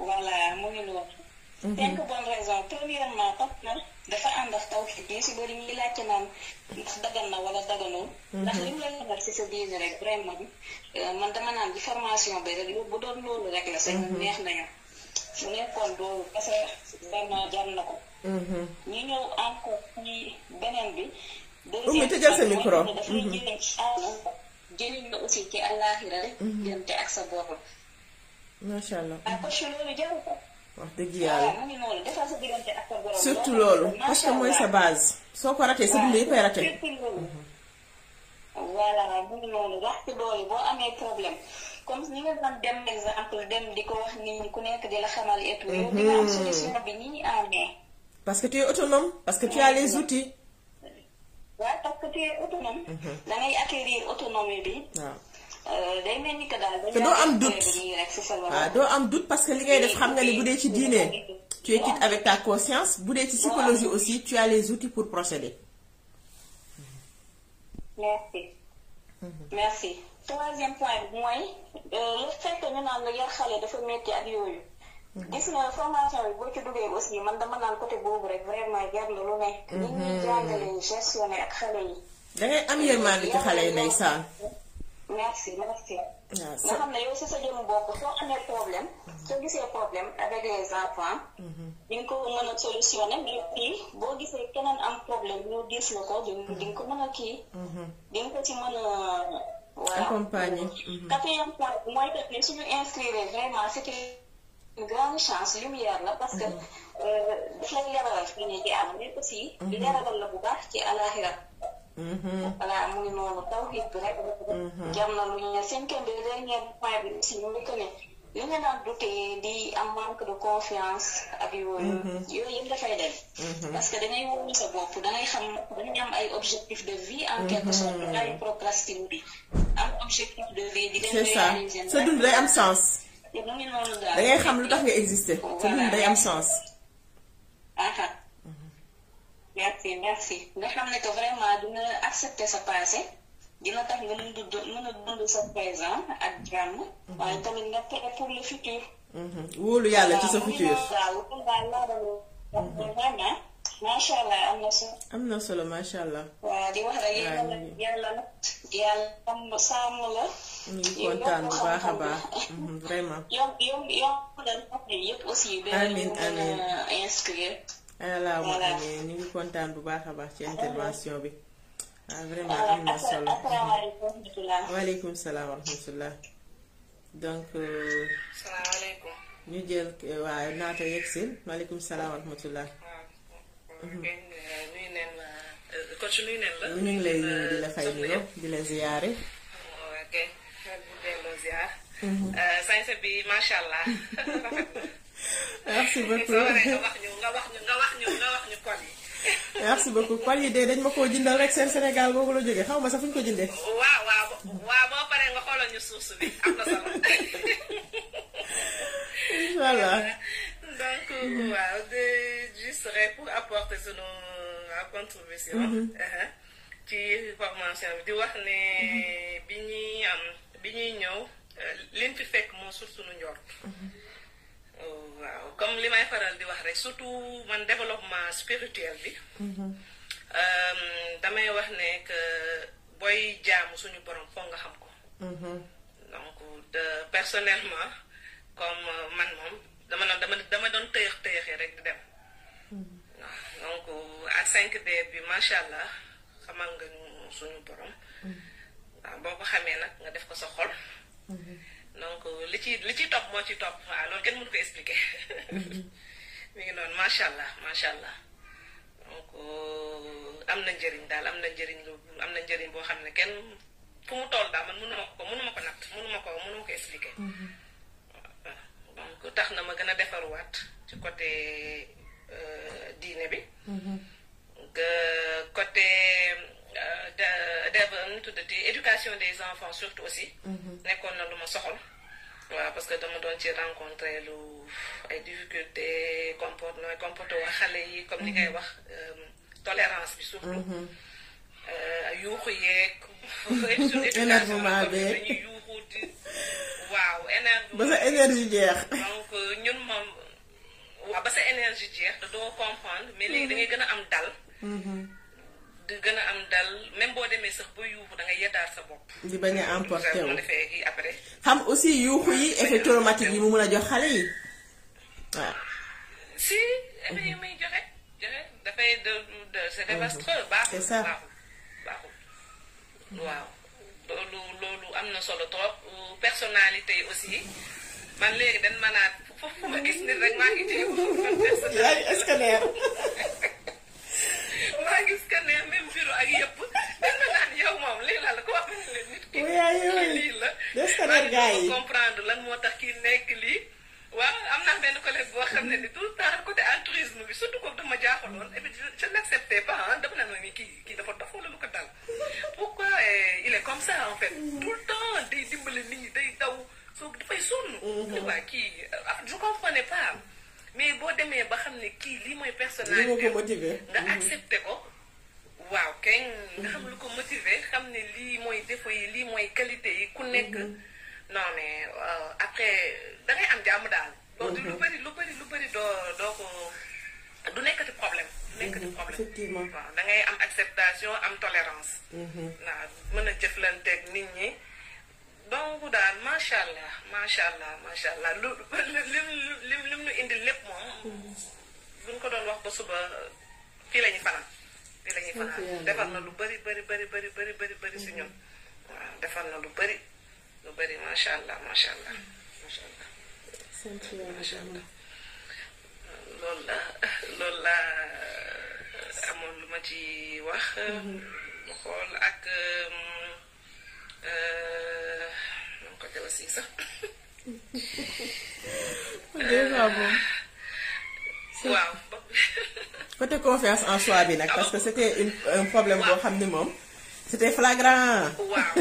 voilà mu ngi loolu. Mhm. cinq bonnes raisons premièrement parce que dafa ànd ak taw bi si bëri ñuy laajte naan ndax dagan na wala daganul. Mhm. ndax li la laajal si sa diine rek vraiment euh, man dama naan di formation bi rek bu mhm. neex nañu. su nekkoon loolu parce que vraiment jar na ko. ñu ñëw encore ci beneen bi. deuxième bi tëjal sa micro. dafay jëriñ ci àll jëriñ la aussi ci àllaaxira rek. diggante ak sa bopp. macha allah. Ah, ah, parce que dëgg yàlla mu ngi noonu defal surtout loolu parce mooy sa base. soo ko ratee sa dund yëppay ratee. surtout loolu. wax ci boo amee problème comme ni nga doon dem di ko wax nit ku nekk di la xamal et tout. yow mhm. ni ñu amee. parce que tu autonome parce que tu as les outils. waaw parce que tu es autonome. Mhm. bi. waaw. Euh, day mel ni que daal te doo am doute waaw ah, doo am doute parce que li ngay def xam nga ni bu dee ci diine tu es quitte avec ta conscience bu dee ci psychologie aussi tu as les outils pour procéder. merci. merci. troisième point bi mooy euh, le fait ñu naan la yar xale dafa metti ak yooyu. gis nga formation bi boo ci duggee aussi man dama naan côté boobu rek vraiment jar na lu ne. Mhm. ni ñuy jàngalee gestionné ak xale yi. da am yërmande ci xale yi ndeysaan. merci merci. nga xam ne yow si sa jëm bopp soo amee problème. soo gisee problème avec les enfants. di ko mën a solutionné mais fii boo gisee keneen am problème ñu gis la ko di ko mën a kii. di ko ci mën a. accompagner voilà quatrième point mooy que suñu inscrire vraiment c' est grande chance lumière la parce que daf lay leeralal fi ñu ci am mais aussi. la bu baax ci alaxira voilà mu ngi noonu tawxiid bi rek. jar lu ñu ne cinquième bi dernier point bi aussi ñu ngi ko ne li nga daan dutee di am manque ¿eh? de confiance ak yooyu. yooyu yëpp dafay dem. parce que da ngay wóolu sa bopp da ngay xam dañuy am ay objectifs de vie. en quelque sorte ay procrastine bi am objectif de vie di leen réaliser. am sens. te xam lu tax nga exister. sa dund day am sens. merci merci nga xam ne que vraiment dina accepter sa passé dina tax nga mën a dund mën a dund sa présent ak jàmm. waaye tamit pour le futur. wóolu yàlla ci sa futur. waaw allah am na solo. am na allah. waaw di wax rek yàlla yàlla yàlla sàmm la. ñu kontaan bu baax a baax. vraiment. yomb yomb yomb la ndox mi yëpp aussi. amiin amiin benn inscrire. voilà ñu ngi kontaan bu baax a baax ci intervention bi. ah vraiment am na solo waaleykum salaam wa rahmatulah. donc. Euh, salaamaaleykum. ñu jël euh, waaw naata yegg si salaam wa rahmatulah. Ah, mhm. euh, ñu ngi lay nuyu di la fay nuyoo di la ziyaare. ok. Mhm. bi macha allah. (laughs) merci (laughs) beaucoup wax ñu nga wax ñu nga wax ñu nga wax ñu col yi. (laughs) merci beaucoup col yi de dañ ma koo jëndal rek seen Sénégal googu la jógee xaw ma sax fu ñu ko jëndee. waaw waaw waaw boo paree nga xoolal ñu suuf si am na solo. (laughs) Mm-hmm. Uh-huh, ci formation bi di wax ne mm-hmm. bi ñuy am bi ñuy ñëw euh, liñ fi fekk moo suuf sunu njort. Mm-hmm. waaw comme li may faral di wax rek surtout man développement spirituel bi. Mhm. Euh, damay wax ne que booy jaamu suñu borom foog nga xam ko. Mhm. donc de personnellement comme euh, man moom dama doon dama dama doon tëyëx tëyëxee rek di dem. Mhm. waaw donc à 5D bi macha allah xamal nga suñu borom. waaw boo xamee nag nga def ko sa xol. donc euh, li ci li ci topp moo ci topp waaw ah, loolu kenn mënu ko expliquer (laughs) mi ngi noonu macha allah macha allah donc euh, am na njëriñ daal am na njëriñ lu am na njëriñ boo xam ne kenn fu mu toll daal man mënu ma ko mënu ma ko natt mënu ma ko mënu ma ko expliquer. Mm-hmm. donc tax na ma gën a defaruwaat ci côté euh, diine bi. Mm-hmm. côté. Euh, de de nu tuddati éducation des enfants surtout aussi. Mhm. nekkoon na lu ma soxal. waaw parce que dama doon ci rencontré lu ay difficultés comporte nooy comporté waa xale yi comme ni ngay mhm. wax euh, tolérance bi surtout. Mhm. Euh, yuuxu (laughs) waaw énergie. ba sa énergie jeex. donc ñun moom ba sa énergie jeex. doo comprendre mais léegi da ngay gën a am dal. di gën a am dal même boo demee sax ba yuuxu dangay ngay sa bopp. di bañ a emporté wu defee kii après. xam aussi yuuxu yi effet traumatique yi mu mun a jox xale yi waaw. si effet yi muy joxe joxe dafay de de c'est mhm. dévastateur. baaxul baaxul baaxul waaw loolu loolu am na solo trop personnalité yi aussi man léegi dañ ma naan foofu ma gis nit rek maa ngi téye. (laughs) yaa ngi (laughs) maa gis que ne même ak yëpp dañ ma naan yow moom lii la la ko wax leen nit ki lii la maa comprendre lan moo tax kii nekk lii waaw am naa benn collègue boo xam ne ni tout le temps côté altruisme bi surtout kooku dama jaaxaloon et puis je l' acceptais ni kii kii dafa dof wala lu ko dal pourquoi eh, il est comme ça en fait mm. dimbale nit ñi day daw soo dafay sonn li mm-hmm. waa kii euh, je comprenais pas mais boo demee ba xam ne kii lii mooy personnalité li ko motiver nga mhm. accepté ko waaw kay nga xam lu ko motiver xam ne lii mooy défaut yi lii mooy qualité yi ku mhm. nekk non mais euh, après dangay am jàmm daal mhm. lu bari lu bëri lu bëri doo doo ko du nekkati problème nekkati problème waaw da ngay am acceptation am tolérance waaw mën a jëflanteeg nit ñi donc daal macha allah macha allah macha allah lu lim lim lim nu indil lépp moom. buñ ko doon wax ba suba fii la ñuy fanaan. fii la fanaan defal na lu bari bari bari bari bari bari bëri si ñun. waaw defal na lu bari lu bëri macha allah macha allah macha allah. sant loolu la loolu la amoon lu ma ci wax. Mhm. xool ak. Euh, euh, aussi sax. déjà bon. waaw. côté confiance bi nag parce que c'était un problème boo xam ni moom. c'était flagrant. waaw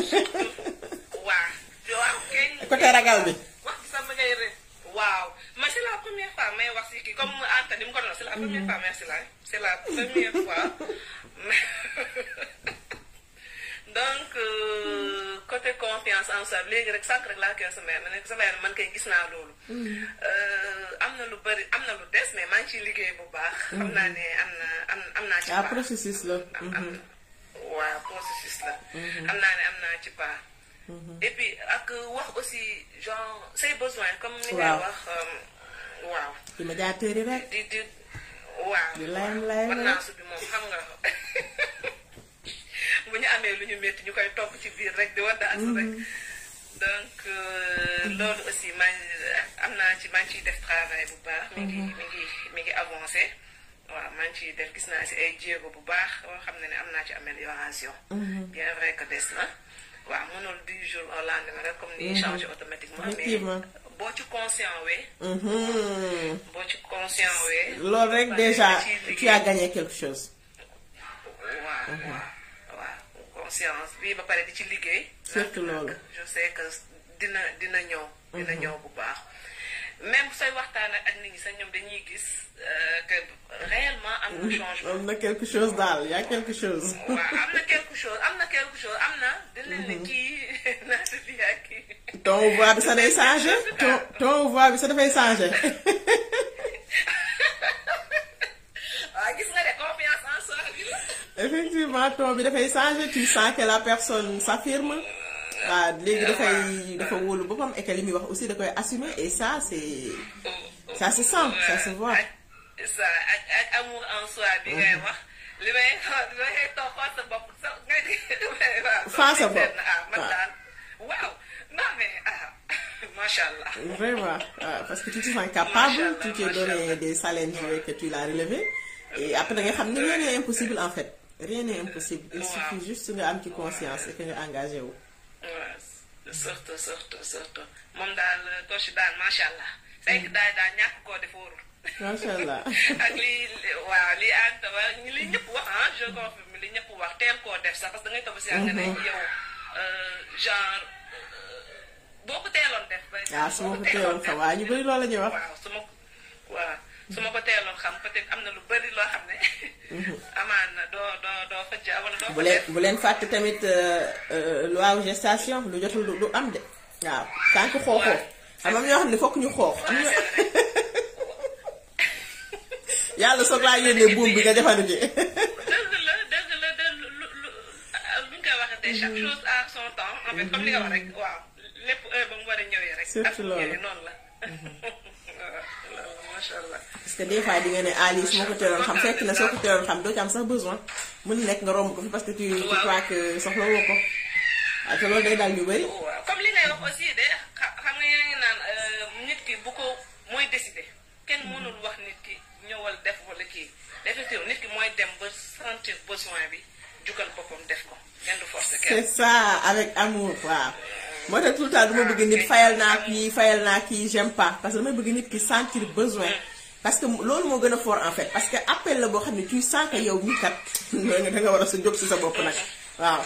waaw. ragal bi. wax bi sax ma ngay rëy. waaw man c'est la première fois may wax si kii comme Anta ni mu ko doon c'est la première fois merci la c'est la première fois donc. côté confiance en soi léegi rek sànq rek laa koy wax sama yaay ma ne sama yaay man kay gis naa loolu. Mm-hmm. Euh, am na lu bari am na lu des mais maa ngi ciy liggéey bu baax. Mm-hmm. xam naa ne am na am am naa ah, processus am mm-hmm. waaw processus la. am naa ne am naa ci baax. et ak wax aussi genre say besoins comme ni ngay wax. Euh, waaw di ma jaay rek. di di waaw. di laaj laaj la waaw bi moom xam nga. (laughs) bu ñu amee lu ñu métti ñu koy togg ci biir rek di waddaat rek mm-hmm. donc euh, mm-hmm. loolu aussi maa am naa ci maa ngi ciy def travail bu baax mi ngi mm-hmm. mi ngi mi ngi avancé waaw maa ngi ciy def gis naa si ay jéego bu baax boo xam ne ne am naa ci amélioration bien vrai que des na waaw mënul du jour au lendemain rek comme ni changé automatiquement mais boo ci conscient wee boo ci conscient wee loolu rek déjà tu as gagné quelque chose waaw waaw conscience bi ba pare di ci liggéey. surtout loolu je sais que dina dina ñëw. dina mhm. ñëw bu baax. même sooy waxtaan ak nit ñi sax ñoom dañuy gis euh, que réellement am na changement. (laughs) na quelque chose daal y a quelque chose. (laughs) am na quelque chose am na quelque chose am na. dañ leen ne mhm. kii (laughs) naata bi day changé. ton ton dafay changé. waaw ah, gis de confiance en soi bi la. effectivement ton bi dafay changer tu sens que la personne s'affirme. waaw léegi dafay dafa wóolu boppam et que li muy wax aussi da koy assumer et se sent se mhm. sa bopp (laughs) sa bopp ah, man daal waaw non mais ah (laughs) macha allah. vraiment ah, parce que tu te sens capable. tu t'es donné des challenges que et après da nga xam ne rien impossible en fait. rien impossible. il suffit juste nga am ci conscience et que nga engagé wu. waaw surtout surtout allah. saytu daal daal ñàkk (laughs) li ñëpp wax ah je wax teel koo def sax parce que da ngay toog si euh, euh, boo ko teeloon def. Ah, waaw su ma ko teeloon sax waaw ñu bëri loolu la wax. su ma ko teeloon xam peut am na lu bari loo xam ne. Mhm. (laughs) amaan na doo doo doo fa ja wala doo. bu leen bu leen fàtte tamit euh, euh, loi gestation lu jotul lu am de. waaw tànk xooxoo. xam nga ñoo xam ne fokk ñu xoox. am (laughs) yàlla soog laa yónnee buum bi nga defaru ji. Ah, chaque mhm. chose à son temps. en fait rek waaw lépp heure ba mu war ñëwee rek. surtout loolu la. Mhm. (laughs) macha allah. parce que des fois di nga ne ah lii su ma ko xam na soo ko teeloon xam doo ci am sax besoin mën na nekk nga romb ko fi parce que tu tu crois que soxla woo ko waaw ah, te loolu day daal ñu bëri. comme li ngay wax aussi de xam nga yaa ngi naan euh, nit ki bu ko mooy décider kenn mënul wax nit ki ñëwal def wala kii effectivement nit ki mooy dem ba sentir besoin bi jugal boppam def ko kenn du force kenn. c'est avec amour waaw. moo tax tout le temps du ma bëgg nit fayal naa kii fayal parce que damay bëgg nit ki sentir besoin parce que loolu moo gën a fort en fait parce que appel la boo xam ne tu sens que yow mii kat (laughs) nga war a sa jóg si sa bopp nag waaw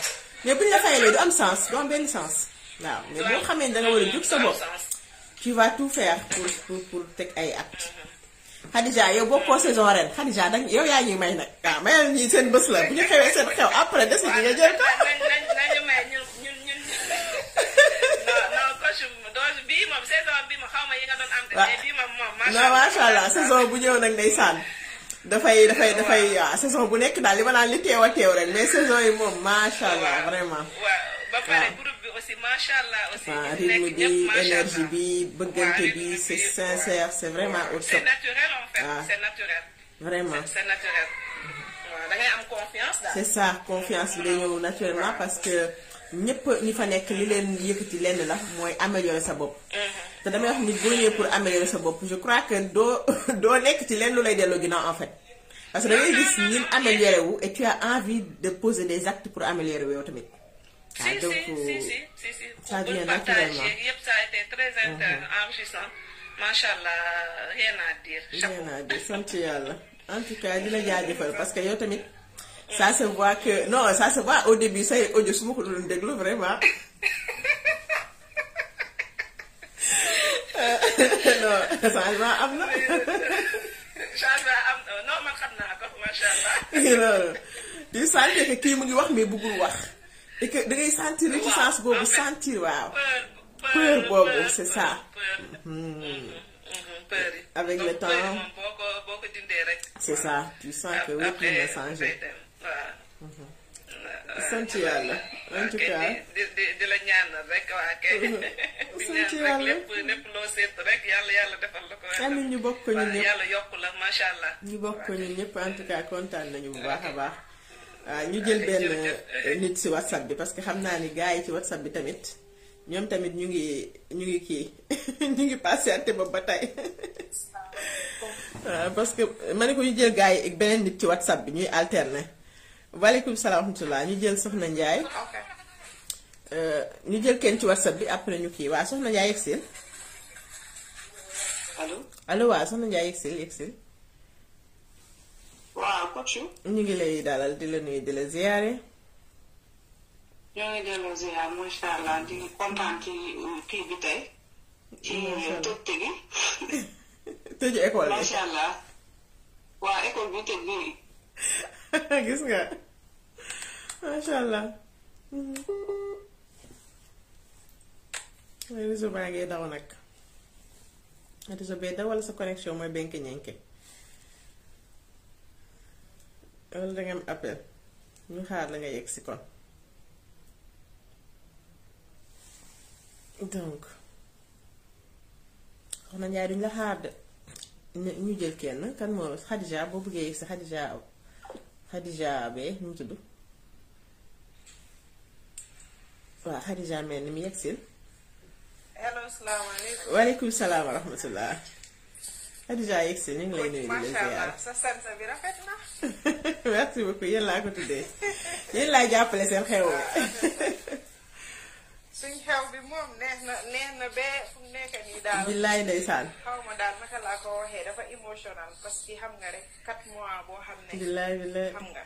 mais bu ñu la fayalee du am sens du am benn sens waaw mais boo xamee da nga war a jóg sa bopp tu vas tout faire pour pour pour teg ay actes. Khadija yow bokkoo saison ren Khadija danga yow yaa ñuy may nag waaw mayal ñii seen bés la bu ñu xewee seen xew après des na nga jël (laughs) doos doos saison bu ñëw nag ndeysaan. dafay dafay dafay ah, saison bu nekk daal li ma naan li teew teew rek mais saison yi moom macha allah vraiment. ba pare bi allah. aussi ah, rythme bi énergie bi bëggante bi c'est sincère c'est vraiment au top. c'est ah. c'est naturel. c'est ça confiance bi day naturellement parce que. ñëpp ñi fa nekk li leen ci lenn la mooy améliorer sa bopp. Mhm. te damay wax nit boo ñëwee pour améliorer sa bopp je crois que doo (laughs) doo nekk ci lenn lu lay delloo ginnaaw en fait. parce que da ngay gis ñun améliorer wu et tu envie de poser des actes pour améliorer wu yow tamit. ah donc ça vient naturellement yëpp ça a été très mhm. enrichissant macha allah rien à dire. rien à dire sant yàlla en tout cas dina jaajëfal parce que yow tamit. ça se voit que non ça se voit au début say audio su ma ko doon déglu vraiment (laughs) euh, (laughs) non changement am na. changement am na non man xam naa ko macha allah. di sentir que kii mu ngi wax mais bëggul wax et que da ngay sentir réticence boobu sentir waaw. peur boobu c'est ça. peur yi hmm. avec le temps boo ko boo ko dindee rek. c'est ça tu sens que wépp na changé. waaw. sant yàlla en la ñaanal (laughs) yàlla lépp lépp loo seet yàlla yàlla defal la ko. ñu bokk ko ñun la macha allah. ñu bokk ko ñun ñëpp en kontaan nañu bu baax a baax. Ah, ñu jël benn nit si whatsapp bi parce que xam naa ni gars yi ci whatsapp bi tamit ñoom tamit ñu ngi ñu ngi kii (laughs) ñu ngi patienté boobu ba tey (laughs) ah, parce que ma ne ko ñu jël gars yi ak beneen nit ci whatsapp bi ñuy alterner. waaleykum salaam ñu jël Soxna Ndiaye. Euh, ñu jël kenn ci whatsapp bi après ñu kii waa Soxna Ndiaye yegg seen. waa Soxna Ndiaye ñu ngi lay dalal di la nuyu di ziyaare. ñoo ngi ziyaar macha allah di kontaan ci uh, kii bi tey. ci tëj (laughs) tëju école bi allah. waa école bi tëj bi. gis nga macha allah. mooy réseau baa ngi daw nag réseau bee dawal sa connexion mooy benke ñenke wala danga am appel ñu xaar la nga yegg si kon donc wax na njaay duñ la xaar de ñu jël kenn kan moo Xadija boo bëggee yegg si Xadija Xadija bee nu mu tudd waaw Xadija mel ni mu yegsil allo salaam wa rahmatullah yegsil ñu ngi lay nuyu di la ziar sa sant bi rafet na (laughs) merci beaucoup yéen laa ko tuddee yéen laa jàppale seen xew (laughs) suñ xew bi moom neex na neex na ba fu mu nekk nii daal. billaay ndeysaan. xaw ma daal naka laa ko waxee dafa émotionnel parce que xam nga rek quatre mois boo xam ne. billaay billaay xam nga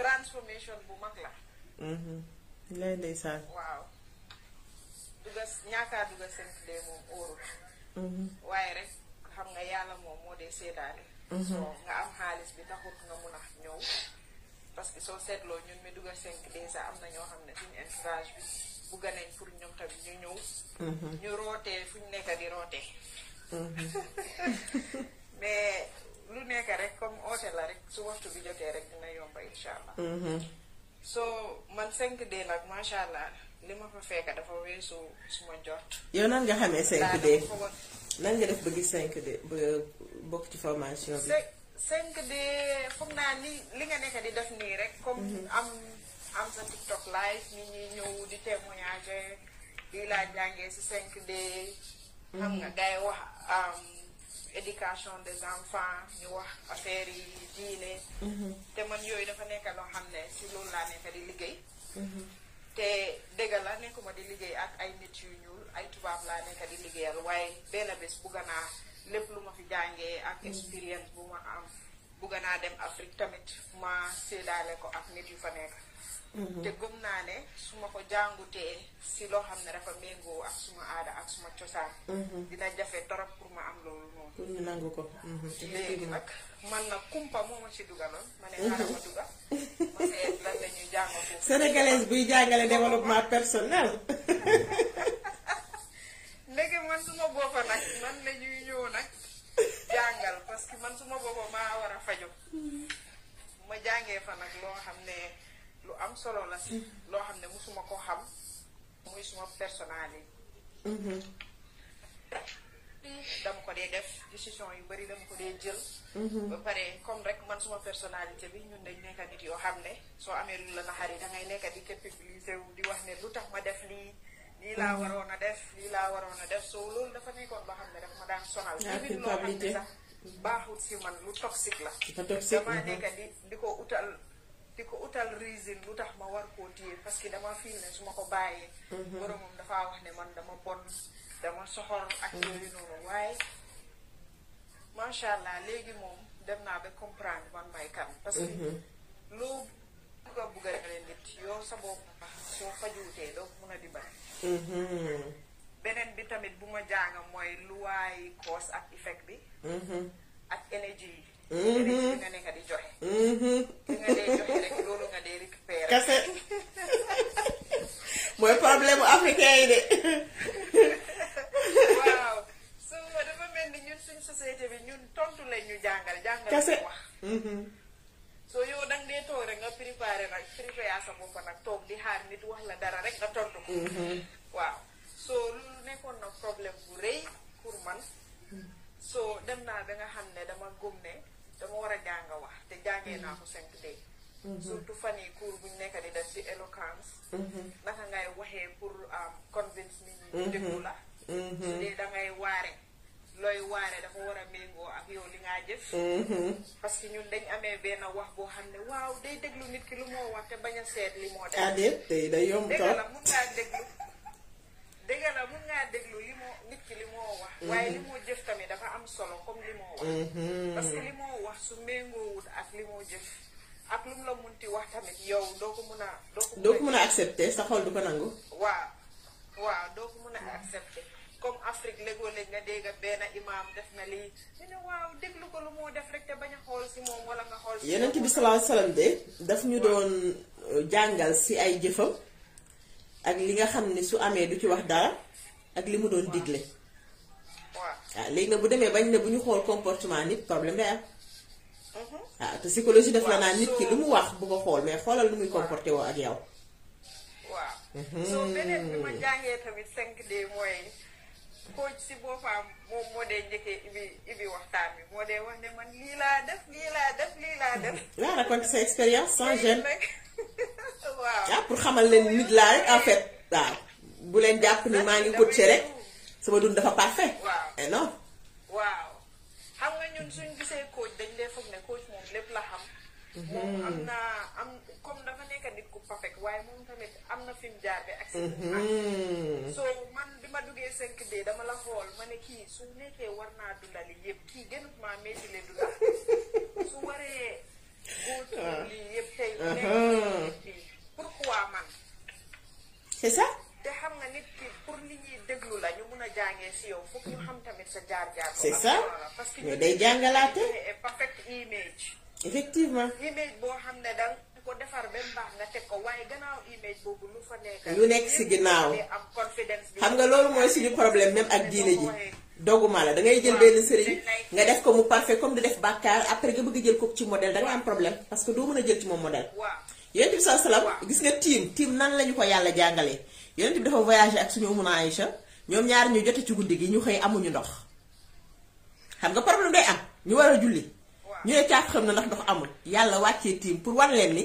transformation bu mag la. Mm-hmm. billaay ndeysaan. waaw. duga mm-hmm. waaye rek xam nga yàlla moom moo dee seedaane mm-hmm. so am xaalis bi taxut nga mun a ñëw parce que soo seetloo ñun mi duga cinq déjà am na ñoo xam ne suñu entourage bi bugga nañ pour ñoom tamit ñu ñëw. Mhm. ñu rootee fu ñu nekk di rootee. Mhm. (laughs) mais lu nekk rek comme oote la rek su waxtu bi jotee rek dina yomba incha allah. Mhm. soo man cinq d nag macha allah li ma fa fekk dafa weesu suma jot. yow nan nga xamee 5D nan nga def ba gis 5D ba bokk ci formation bi. 5D foog naa ni li nga nekk di def nii rek. comme am. am sa TikTok live nit ñi ñëw di témoignage di laa jàngee si 5D. xam nga mm-hmm. gars yi wax éducation des enfants ñu wax affaire yi diine. Mm-hmm. te man yooyu dafa nekk loo xam ne si loolu laa nekk di liggéey. Mm-hmm. te dëgg la nekkuma di liggéey ak ay nit yu ñuul ay tubaab laa nekk di liggéeyal waaye benn bés bu naa lépp lu ma fi jànge ak expérience bu ma am. bugg naa dem Afrique tamit ma séddaale ko ak nit yu fa nekk. Mhm. te gëm naa ne su ma ko jàngutee si loo xam ne dafa méngoo suma aada ak suma cosaan. Mhm. dina jafe torop pour ma am nangu ko. Mhm. léegi nag man nag kumpa moo ma ci dugaloon. ma ne xaaral ma dugal. ma la ñuy jàng foofu. buy jàngale développement personnel. (laughs) ndege man suma boppa nag man la ñuy nag. jàngal parce que man su ma booboo maa war a faju bu ma jàngee fa nag loo xam ne lu am solo la si loo xam ne musuma ko xam muy suma personnalité mm-hmm. dama ko dee def décision yu bari dama ko dee jël mm-hmm. ba pare comme rek man suma personnalité bi ñun dañ nekka nit yoo xam ne soo amee lu la naxari da ngay nekka di ko publicité wu di wax ne lu tax ma def lii lii laa waroon a def lii laa waroon a def soo loolu dafa nekkoon ba xam ne daf ma daan sonal. tamit ah, loo xam si man lu toxique la. dama uh-huh. nekk di di ko utal di ko utal reason lu tax ma war koo téye parce que dama fiil ne su ma ko bàyyee. Uh-huh. boromam dafaa wax ne man dama bon dama soxor ak uh-huh. yooyu noonu waaye macha allah léegi moom dem naa ba comprendre man may kan. parce que loo. ku nga sa a dimbali mm-hmm. bi tamit bu ma jàng mooy luwaay cause bi mm-hmm. ak énergie yi énergie mm-hmm. bi nga nekk di joxe li nga problème bu yi de waaw so ñu jàngal jàngal soo yow danga dee toog rek nga préparé nag préparé sa bopp nag toog di xaar nit wax la dara rek nga tontu ko. Mm-hmm. waaw soo lu nekkoon na problème bu rëy pour man so dem naa ba nga xam ne dama gëm ne dama war a jàng wax te jàngee naa ko cinq day mm-hmm. surtout fan yi cours bu ñu nekk di def ci éloquence. Mm-hmm. naka ngay waxee pour convince nit ñi. déglu la. su dee da waare. looy waare dafa war a méngoo ak yow li ngaa jëf mm-hmm. parce que ñun dañ amee benn wax boo xam ne waaw day déglu nit ki lu moo wax te bañ a seet li moo def adéet tey day yomb dëgg la mun ngaa déglu dëgg la mun ngaa déglu li moo nit ki li moo wax mm-hmm. waaye li moo jëf tamit dafa am solo comme li moo wax mm-hmm. parce que li moo wax su méngoowut ak li moo jëf ak lu mu la munti wax tamit yow doo ko mun a doo ko mun a accepté sa xol du ko nangu waaw waaw doo ko mun a accepté comme Afrique léegoo-léeg nga dégg benn imaam def na lii ñu ne waaw déglu ko lu moo def rek te bañ a xool si moom wala nga xool si de daf ñu doon euh, jàngal si ay jëfam ak li nga xam ne su amee du ci wax dara ak li mu doon digle waaw ah, léegi nag bu demee bañ ne bu ñu xool comportement nit problème day am waaw mhm. ah, te psychologie def la naa nit ki lu mu wax bu ko xool mais xoolal lu muy comporté woo ak yow waaw mhm. so kóoc si boppam moom moo dee njëkkee ibi ibi waxtaan bi moo dee wax ne man lii laa def lii laa def lii laa def. (laughs) waaw raconte sa expérience sans gêne. (laughs) waaw ah pour xamal leen nit laa rek en fait. waaw bu leen jàpp ni maa ngi coaché rek sama dund dafa parfait. waaw eh, non. waaw xam nga ñun suñ gisee kóoc dañ dee foog ne kóoc moom lépp la xam. Mhm. moom am naa am comme dafa fa waaye moom tamit am na fi mu jaar bi ak mhm. so man bi ma duggee cinq de dama la xool ma ne kii su nekkee war naa dundali yëpp kii gënut ma métti le dundal su waree góotu ah. lii yëpp tey mhm. nekk kii man c'est ça te xam na nit ki pour nit ñi déglu la ñu mun a jàngee si yow foog ñu xam tamit sa jaar-jaar c'est ça parce que day jàngalaate effectivement boo xam ne dang ko defar ba mu nga teg ko waaye gannaaw boobu lu fa nekk. lu nekk si ginnaaw xam nga loolu mooy suñu problème même ak diine ji. doguma la da ngay jël benn sëriñ nga def ko mu parfait comme du def bàkkaar après nga bëgg jël ko ci modèle da nga am problème parce que doo mën a jël ci moom modèle. yonent bi saa salaam gis nga tiim tiim nan lañu ko yàlla jàngalee yonent bi dafa voyagé ak suñu Umu Aïcha ñoom ñaar ñu jote ci guddi gi ñu xëy amuñu ndox xam nga problème day am ñu war a julli. ñu ne caaf xam na ndax ndox amul yàlla wàccee tiim pour wan leen ni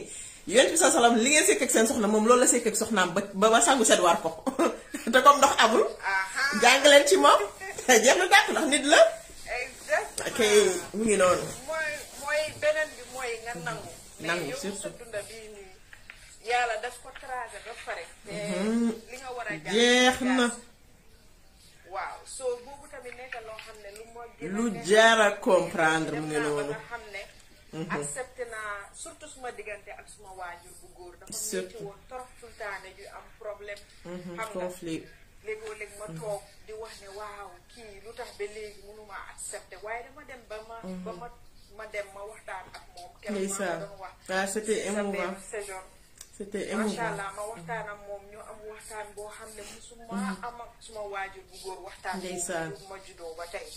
yonent bi sallam li ngeen sekk ak seen soxna moom loolu la sekk ak soxnaam ba ba sangu set war ko (laughs) te comme ndox amul jàng leen ci moom (laughs) jeex na tàkk la ok mu ngi bi mooy nga nangu nangu surtout yàlla daf ko traité ba pare mhm. a jeex na waaw soo boobu tamit nekk loo xam ne lu lu jaar a comprendre mu ngi noonu. Mm-hmm. naa surtout suma diggante ak suma waajur bu góor. dafa métti woon trop sultaane ju am problème. Mm-hmm, xam nga léegoo ma mm-hmm. toog di wax ne waaw kii lu tax ba léegi mënuma accepté waaye dama dem ba ma. ma dem ma waxtaan ak moom. keroog ma doon wax ah, waxtaan ak moom ñu am waxtaan boo xam ne suma waajur bu góor waxtaan. ndeysaan ma juddoo ba tey.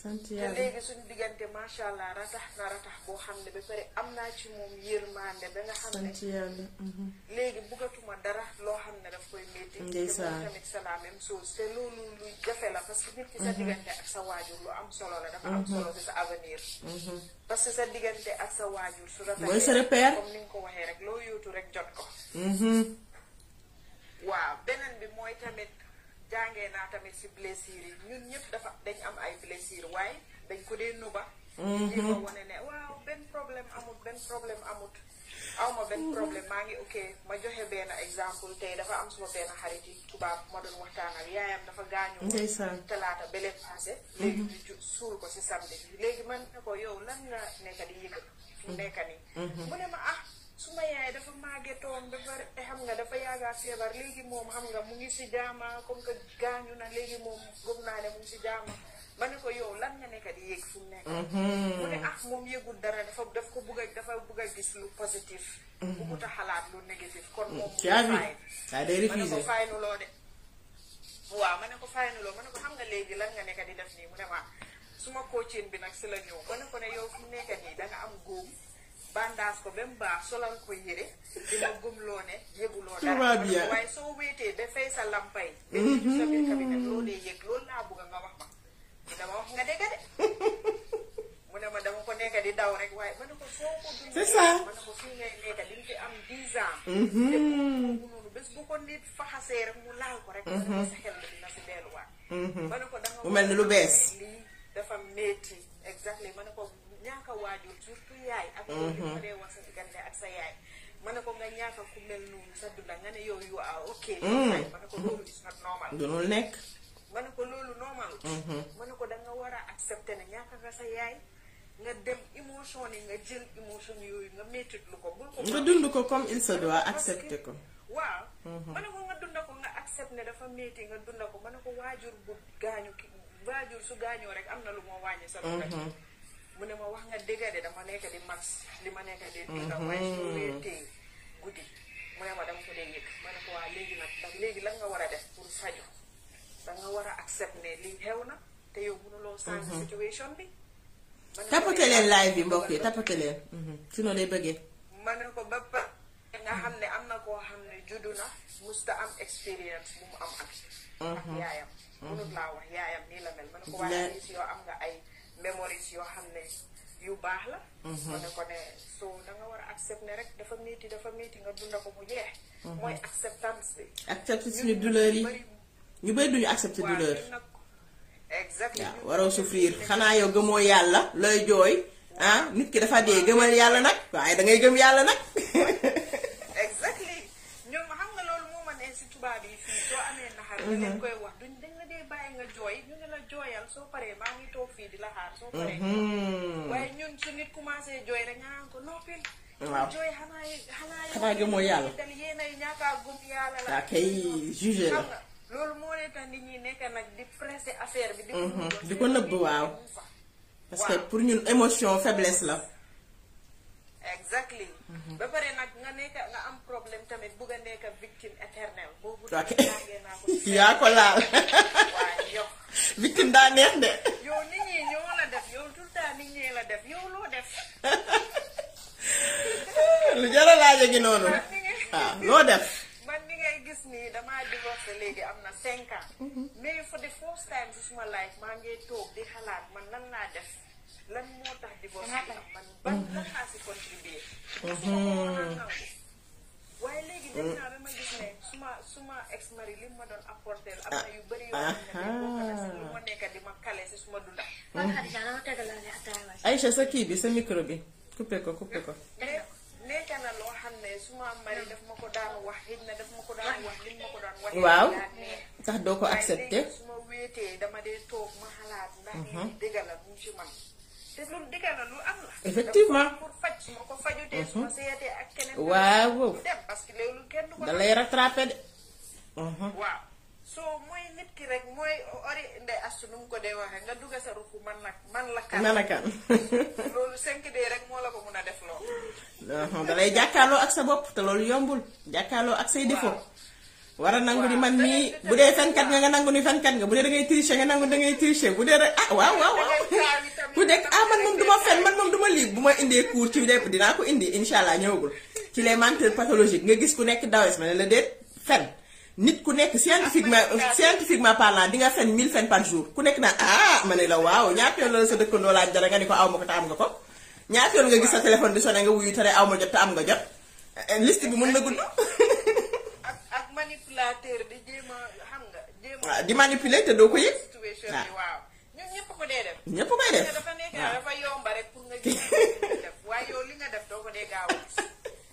sant yàlla léegi suñu diggante macha allah ratax na ratax boo xam ne ba pare am naa ci moom yërmande ba nga xam ne. sant yàlla. Mhm. léegi bëggatuma dara loo xam ne daf koy métti. ndeysaan te même chose te loolu la parce que nit ki sa mhm. diggante ak sa waajur lu am solo la. dafa am mhm. solo ci sa avenir. parce que sa diggante ak sa waajur. su rataxee mooy sa comme ni nga ko waxee rek loo yootu rek jot ko. waaw beneen bi mooy tamit. jàngee naa tamit si blessure yi ñun ñëpp dafa dañ am ay blessure waaye dañ ko dee nuba. ñu mm-hmm. ko wane ne waaw benn problème amut benn problème amut. aw ma benn problème maa ngi ok ma joxe benn exemple tey dafa am suma benn xarit yi tubaab ma doon waxtaan yaayam dafa gaañu. ndeysaan talaata bële passé. Mm-hmm. léegi ñu suul ko si samedi. léegi man ne yow lan nga nekk di yëg. nekk nii. Mm-hmm. mu ne ma ah. su ma yaay dafa màggetoon dafa xam nga dafa yaaga feebar léegi moom xam nga mu ngi si jaama comme que gaañu na léegi moom gëm naa ne mu ngi si jaama ma ne ko yow lan nga nekk di yéeg mm-hmm. ah, moom yëgul dara dafa daf ko bugg a dafa bugg a gis lu positif. Mm-hmm. bugut a xalaat lu négatif. kon moom mu ngi fay day ma ne ko fay loo ma ne ko fay léegi lan nga nekk di def nii mu ne ma suma coaching bi nag si la ñëw ma ne ko ne yow fu mu nekk nii am góom. bandaas ko ba mu baax solal ko yére di ma loo ne yëguloo dara waaye soo wéetee ba sa lampay ba ñu sa biir cabinet loo dee yëg loolu laa bëgg nga wax ma mu dama wax nga dégg de (laughs) mu ne ma dama ko nekk di daw rek waaye ma ne ko soo ko duñ ma ne ko fii ngay di fi am dix ans mhm. ko nit faxasee rek mu ko rek ma mhm. ne dina si delluwaat mhm. ma ne ko danga mu mel lu bees lii dafa métti exactement ma ne ko ñaaka waajur surtout yaay. ak mhm. loolu dee wax sa diggante ak sa yaay. ma ne ko nga ñaaka ku mel noonu sa dunda nga ne yow yu ah ok. Mm. ma ne ko loolu is not normal. dunul nekk. ma ne ko loolu normal. Mhm. ma ne ko da nga war a accepté ne ñaaka nga sa yaay. nga dem émotion yi nga jël émotion yooyu nga métti lu ko. bul ko nga dund ko comme il se doit accepté ko. waaw. Mhm. ma ne ko nga dunda ko nga accepté ne dafa métti nga dunda ko ma ne ko waajur bu gaañu ki waajur su gaañoo rek am na lu moo wàññi sa. mu ne ma wax nga dëgg de dama nekk di max li ma nekk di dunda waaye su wéetee guddi mu ma dama ko dee yëg ko léegi nag ndax léegi lan nga war a def pour faju da nga war a accept ne lii xew na te yow mënuloo change mhm. situation bi tappate leen live bi mbokk yi tappate leen mhm. sinon lay bëggee ma ne ko ba pa nga xam ne am na koo xam ne juddu na musta am expérience bu mu am ak mhm. yaayam mënut laa wax yaayam nii la mel ma ne ko waaye si yow am nga ay memories yoo xam ne yu baax la ma mhm. ne ko ne so da war a accept ne rek dafa métti dafa métti nga dunda ko mu jeex mhm. mooy acceptance bi accepter suñu douleur yi ñu bëri duñu accepter douleur exactement waaw waroo souffrir xanaa yow gëmoo yàlla looy jooy ah nit ki dafa dee gëmal yàlla nag waaye da ngay gëm yàlla nag (laughs) exactly ñoom xam nga loolu moo ma ne si tubaab yi fii soo amee naxar mhm. duñ dañ dee bàyyi nga jooy ñu ne la jooyal soo paree maa ngi di la xaar mm-hmm. waaye ñun su nit commencé jooy rek nga naan ko noppil waaw jooy xanaa xanaa xanaa gëmoo yàlla a gëm yàlla la kay jugé la loolu moo lay tax nit ñi nekk nag di pressé affaire bi di mm-hmm. ko nëbb waaw parce que pour ñun émotion faiblesse la exactly mm-hmm. ba pare nag nga nekk nga am problème tamit bugg a nekk victime éternelle boobu (laughs) yaa ko laal (laughs) victime daa neex de yow nit ñi ñoo la def yow tout le nit ñi la def yow loo def (laughs) lu jar ngi noonu ah, loo def man ni ngay gis nii damaa divorcé léegi am na cinq ans mm-hmm. mais for the first time si suma life maa ngi toog di xalaat man lan laa def lan tax divorce bi am man ban suma suma ex mari li yu bëri yoo xam ma nekk di ma kale si suma dunda. sa kii bi sa micro bi ko coupé ko. nekk na loo xam ne suma mari daf ma ko daan wax xëy na daf ma ko daan wax ma ko daan wax. waaw sax doo ko accepté. su ma wéetee dama dee toog ma xalaat. mu ci man. te loolu effectivement pour faj su ma mhm. ak keneen. waaw dem parce que loolu kenn du ko. da de. Mhm. waaw rek mooy ori mu ko dee waxee nga dugg sa man la man la kan. man la (laughs) rek moo ko mun a def loolu. Mhm. da lay ak sa bopp te loolu yombul jàkkaarloo ak say défaut. war a nangu ni man mii bu dee fenkat nga nga nangu ni fenkat nga bu dee da ngay tricher nga nangu da ngay tricher bu dee rek ah waaw waaw waaw bu dee ah man moom du ma fen man moom du ma lii bu ko indi incha allah ñëwagul ku nekk dawes ma ne la di nga fen 1000 fen ku nekk naa ah ma ne la waaw ñaata yoon la sa dëkkandoo laaj dara nga ni ko aw ma ko te am nga ko ñaata yoon nga gis sa téléphone di sonné nga wuyu te ne aw ma jot te am nga jot eh, liste bi mën na gudd (laughs) manipulateur di jéem xam nga. jéem a ah, di manipuler te doo ko yëg. Ah. waaw. ñun ñëpp ko dee def. ñëpp koy def nekk ah. dafa yomba rek pour nga gis (laughs) def waaye yow li nga def doo ko dee gaaw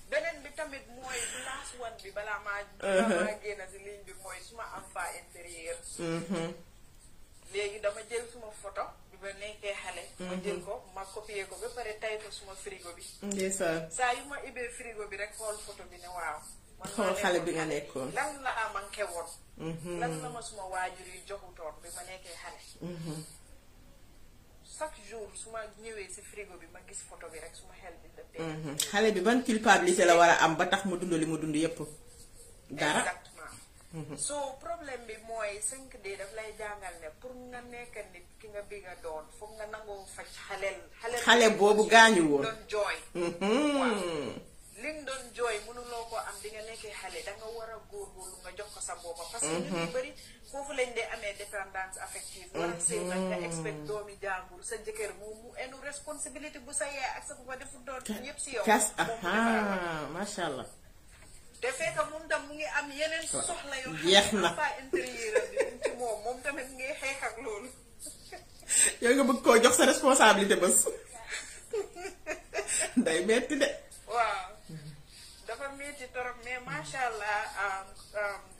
beneen bi tamit mooy place one bi balaa maa. Uh-huh. balaa maa génn si ligne bi mooy suma am fa intérieur. Mm-hmm. léegi dama jël suma photo bi ba nekkee xale. ma mm-hmm. jël ko ma copier ko ba pare tay suma frigo bi. ndeysaan saa yu ma ubbee frigo bi rek xool photo bi ne waaw. xool xale bi nga nekkoon lan la amanke woon mhm. lan la suma waajur yi joxutoon bi ma nekkee xale mhm. chaque jour su ma bi ma gis photo bi rek suma xel bi dëppee mhm. xale bi la war a am ba tax mu dund li mu dund yépp dara so problème bi mooy 5D daf lay jàngal ne pour nga nekk nit ki nga bi nga doon foog nga nangoo faj xale boobu gaañu woon doon doon jooy mënuloo li nga nekkee xale da nga war a góorgóorlu nga jox ko sa booba. Mhm. parce que nit ñu bëri foofu lañ dee amee dépendance affective. war a sëy nag nga mhm. expect doomi jàmbur sa jëkkër mu mu enu responsabilité bu sa yaay ak sa bu ba defu doon ñëpp si yow. cas ah macha allah. te fekk moom mu ngi am yeneen soxla yoo xam ne pas intérieur bi mu ci moom moom tamit ngay xeex ak loolu. (laughs) yow nga bëgg koo jox sa responsabilité bés. (laughs) day metti de. waaw. dafa métti torop mais macha allah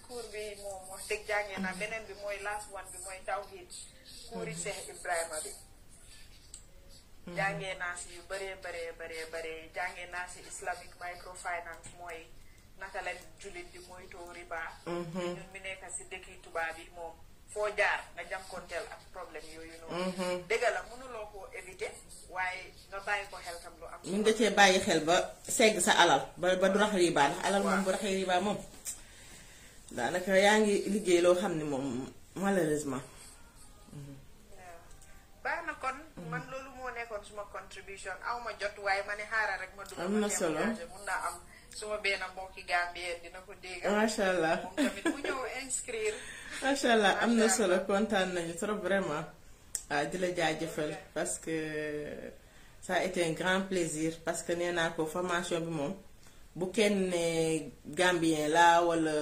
cours bi moom wax dëgg jàngee naa beneen bi mooy last one bi mooy tawhid cours yi Cheikh Ibrahima bi. Mhm. jàngee naa si yu bëree bëree bëree bëree jàngee naa si islamic microfinance mooy naka lañ jullit di moytoo riba. Mhm. ñun mi nekk si dëkki tubaab yi moom. foo jaar nga jànkoonteel ak problème yooyu noonu. Mhm. dëgg la waaye nga bàyyi ko xel tam lu am. mën bàyyi xel ba segg sa alal ba ba du rax riibaa ndax yaa ngi liggéey loo xam ne moom malheureusement. baax na kon mhm. man loolu moo nekkoon suma contribution aw ma jot ma ne xaaral rek ma. na solo suma benn mbokki Gambien dina ko déggal. macha allah moom tamit allah am na solo kontaan nañu trop vraiment. waaw ah, di la jaajëfal parce que sa a été un grand plaisir parce que nee naa ko formation bi moom bu kenn ne Gambien laa wala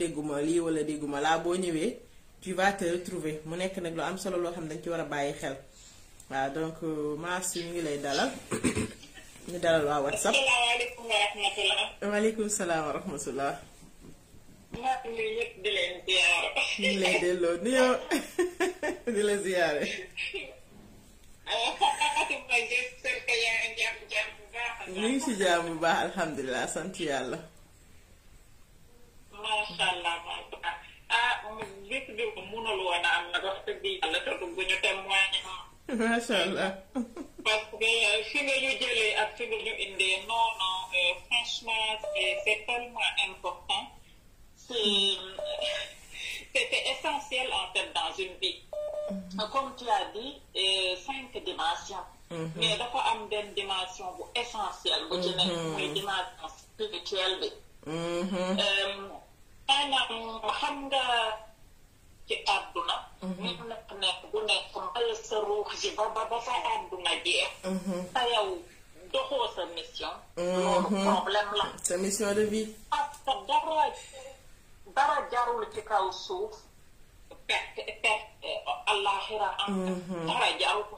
dégguma lii wala dégguma laa boo ñëwee tu vas te retrouver mu nekk nag lu am solo loo xam dañ ci war a bàyyi xel waaw donc euh, Mars ñu ngi lay dalal. ñu dalal waa WhatsApp asalaamaaleykum (laughs) sant yàlla. Ah, macha allah. parce que fi nga ñu jëlee ak fi nga ñu indee important c'est euh, essentiel en fait dans une vie. Mm-hmm. comme tu as dit euh, cinq dimensions. Mm-hmm. mais dafa am benn dimension bu essentielle. bu ci nekk mooy mm-hmm. bi. Euh, maanaam xam nga. ci àdduna ñu mhm. nekk nekk bu nekk mbala sa ruux ji ba ba ba fa àdduna jeex mhm. te yow doxoo sa mission mhm. loolu problème la sa mission de vie parce que dara dara jarul ci kaw suuf perte perte àllaaxira am dara jaru ko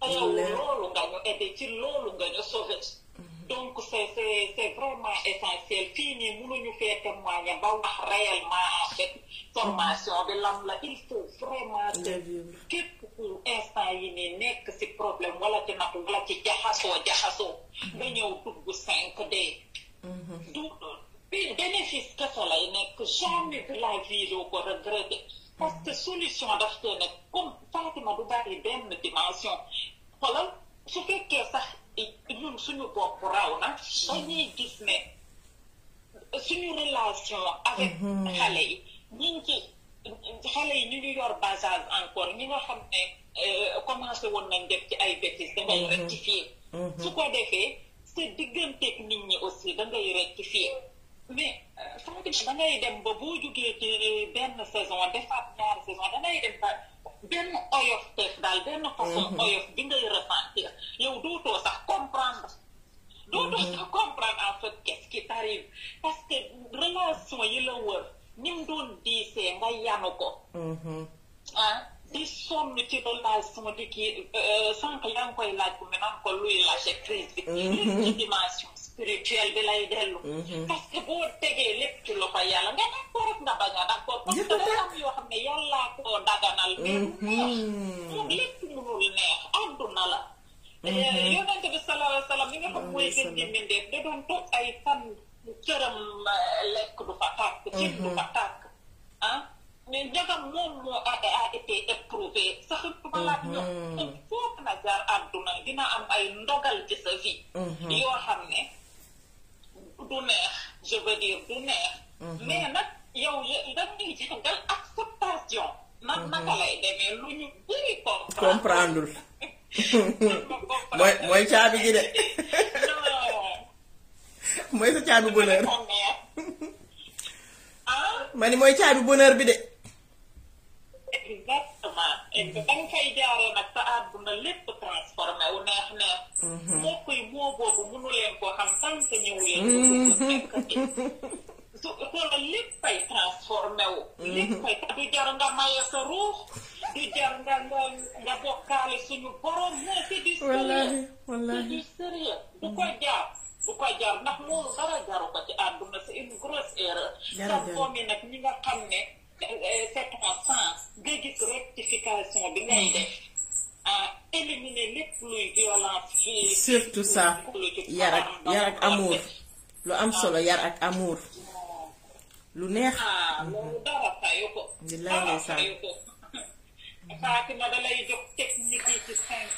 te loolu nga ñu aidé ci loolu nga ñu sauvé donc c'est c'est vraiment essentiel fii nii mënuñu fee témoigner ba wax réellement formation bi lan la il faut vraiment que képp ku instant yi nekk ci problème wala ci nag wala ci jaxasoo jaxasoo nga ñëw dugg 5D mhm. du bénéfice kese lay nekk jamais de la vie doo ko regretter parce que solution daf koy nekk comme Fatima du bari benn dimension xoolal su fekkee sax ñun suñu bopp raw na dañuy gis ne suñu relation avec mhm. xale yi encore passage encore ñi nga xam ne euh, commencé woon nañ def ci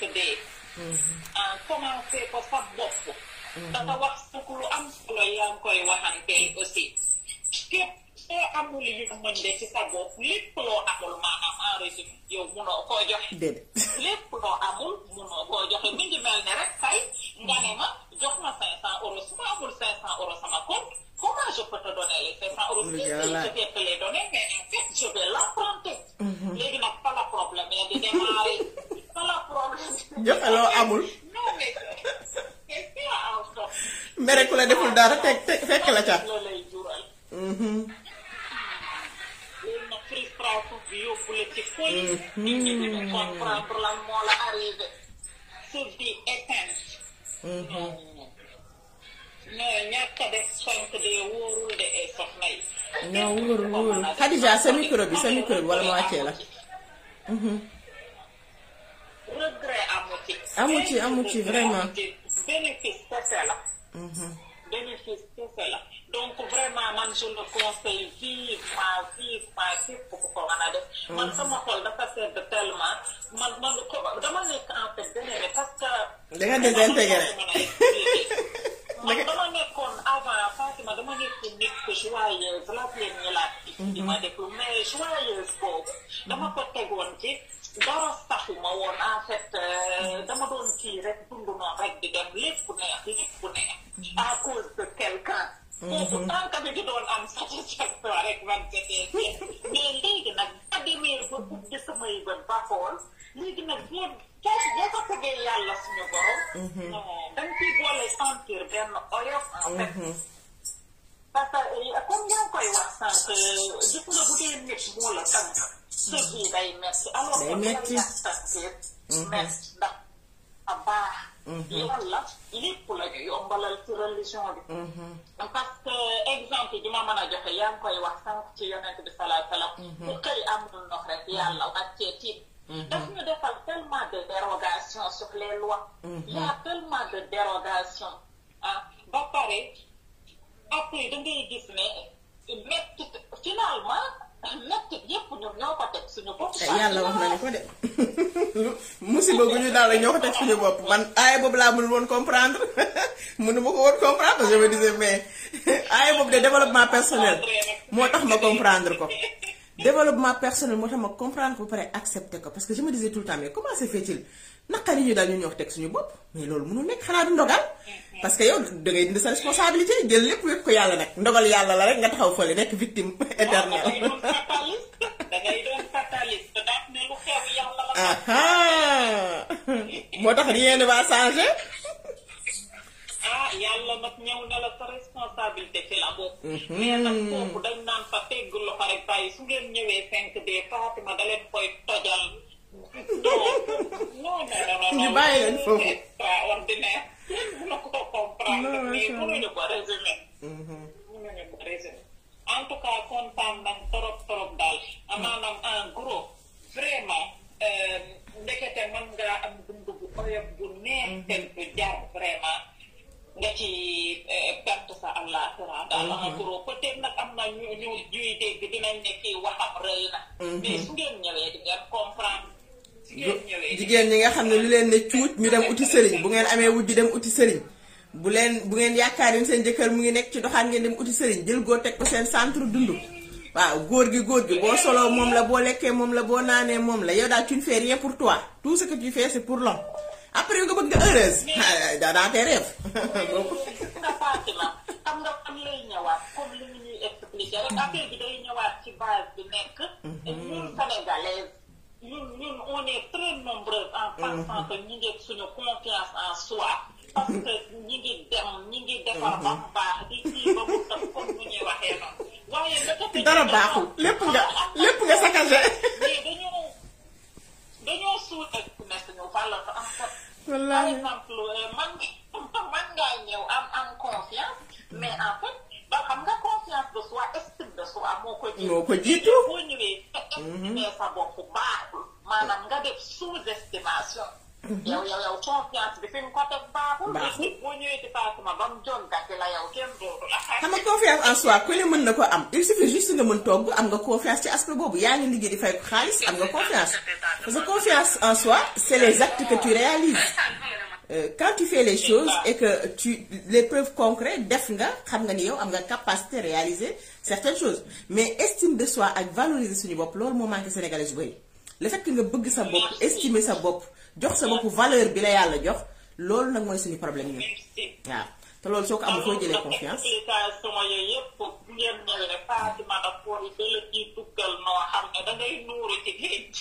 cinq d ah, commencé ko fa bopp dafa wax suk lu am solo yaa ngi koy waxantee aussi képp soo amul yërmande ci sa lépp loo amul maanaam en résumé yow munoo koo joxe (laughs) lépp loo amul munoo koo joxe mi ngi mel ne rek kay nga ne ma jox ma cinq cent euros su ma amul cinq cent euros sama compte comment je donner les cinq cent euros si je en fait je la mm-hmm. problème ya di (laughs) joxeloo amul. mere ku la deful dara teg teg fekk la ca. Mhm. Mhm. non wóorul wóorul Xadija sa micro bi sa micro bi wala ma wàccee la. Mhm. regret amu ci. amu ci amu ci vraiment bénéfice kese la. Mhm. bénéfice kese la donc vraiment man je le conseille vivement vivement képp ku ko mën a def. man mhm. sama xol dafa sedd tellement man man dama nekk en fait délégué parce que. da nga désintégré. man dama nekkoon avant Fatima dama nekk nit ku joyeuse la bien ñu laaj. di ma déglu mais joyeuse boobu dama ko tegoon ci. dara taxu ma woon ah, eh, dama doon kii rek dund noonu rek di dem lépp neex lépp neex. Mm-hmm. à cause de quelqu'un. kooku mm-hmm. tànk bi di doon am satisfaction rek man jotee léegi nag ba demee ba ubbi samay bët ba xool léegi nag boo boo ko tuddee yàlla suñu borom. Mm-hmm. da nga ciy boole sentir benn oyof en fait. parce que eh, comme yaa ngi koy wax sànq gis nga bu dee nit moo la tànk. suuf yi day metti alors que metti metti ndax a baax yoon la lépp mhm. la ñu yombalal ci religion bi parce que exemple bi ma mën a joxe yaa ngi koy wax sànq ci yonent bi salaay salaam bu xëy amul ndox rek yàlla wàccee tiit daf ñu defal tellement de dérogation sur les lois y a tellement de dérogation ah ba pare après da ngay gis ne metti finalement metti yépp ñoom ñoo ko teg suñu bopp. yàlla wax nañu ko de (laughs) musiba gu ñu daal rek ñoo ko teg suñu bopp man aaya boobu laa mënul woon comprendre (laughs) mënu ma ko woon comprendre parce que je me (laughs) boobu de développement personnel moo tax ma comprendre ko. développement personnel moo tax ma comprendre ko ba pare accepter ko parce que je me tout temps mais comment se naqar yi ñu daal ñu ñoo teg suñu bopp mais loolu mënul nekk xanaa du ndogal parce que yow da ngay dindi sa responsabilité jël lépp wépp ko yàlla nag ndogal yàlla la rek nga taxaw fële nekk victime (laughs) éternelle ah, ah. moo tax rien ne va ah, yàlla nag ñëw na la sa responsabilité ci la bopp. Mhm. mais nag foofu dañ naan fa tegg loxo bàyyi su ngeen ñëwee 5D Fatima da koy tojal. non non non ñu bàyyi leen foofu extraordinaire kenn mënu ko comprendre mais mënuñu ko résumer mënuñu ko résumer en tout cas kontaan nañ trop trop daal maanaam en gros vraiment ndekete mën ngaa am dund bu oyof bu neex ten bu jar vraiment nga ci perte sa àllaaxira daal en gros peut-être nag am na ñu ñu ñuy dégg dinañ ne kii waxam rëy na mais su ngeen ñëwee di ngeen comprendre jigéen ñi nga xam ne lu leen ne cuuc ñu dem uti sëriñ bu ngeen amee wujj dem uti sëriñ bu leen bu ngeen yaakaar ni seen jëkkër mu ngi nekk ci doxaan ngeen dem uti sëriñ jël góor teg ko seen centre dund waaw góor gi góor gi boo solo moom la boo lekkee moom la boo naanee moom la yow daal tu ne fais rien pour toi tout ce que tu fais c'est pour l'homme après yow nga bëgg nga heureuse ah, daa daa tee rêve xam ñun ñun on est très nombreux en pensant que ñu ngi suñu confiance en soi. parce que ñi ngi dem ñi ngi defar ba mu baax di kii ba mu tax comme ni ñuy waxee noonu. waaye dëkk dara baaxul lépp nga lépp nga saccagé. mais dañoo dañoo suul ak nekk ñu wàllal ko am ko. wallaahi par exemple euh, man man ngaa ñëw am am confiance mais en fait. ba xam nga confiance de soi estime de soi moo ko jiitu moo ko jiitu boo ñëwee mhm. nga estimé sa bopp baaxul maanaam nga def sous-estimation mhm. yow yow yow confiance bi fi mu ko teg baaxul baaxul boo ñëwee département ba mu jon gàcce la yow kenn dootu la xam nga confiance en soi ku ne mën na ko am il suffit juste nga mën toog am nga confiance ci aspect boobu yaa ngi liggéey di fay ko xaalis am nga confiance parce que confiance en soi c'est les actes que tu réalises Euh, quand tu fais les choses et que tu les preuves concrètes def nga xam nga ni yow am nga capacité réaliser certaines choses mais estime de soi ak valoriser suñu bopp loolu moo manqué sénégalais yu bëri le fait que nga bëgg sa bopp estimer sa bopp jox sa bopp valeur bi la yàlla jox loolu nag mooy suñu problème ñun waaw te loolu soo ko amul foo jëlee confiance. sama yooyu yëpp bu ngeen ñëwee Fatima dafa war a ci tukkal noo xam ne da ngay nuuru ci géej (laughs)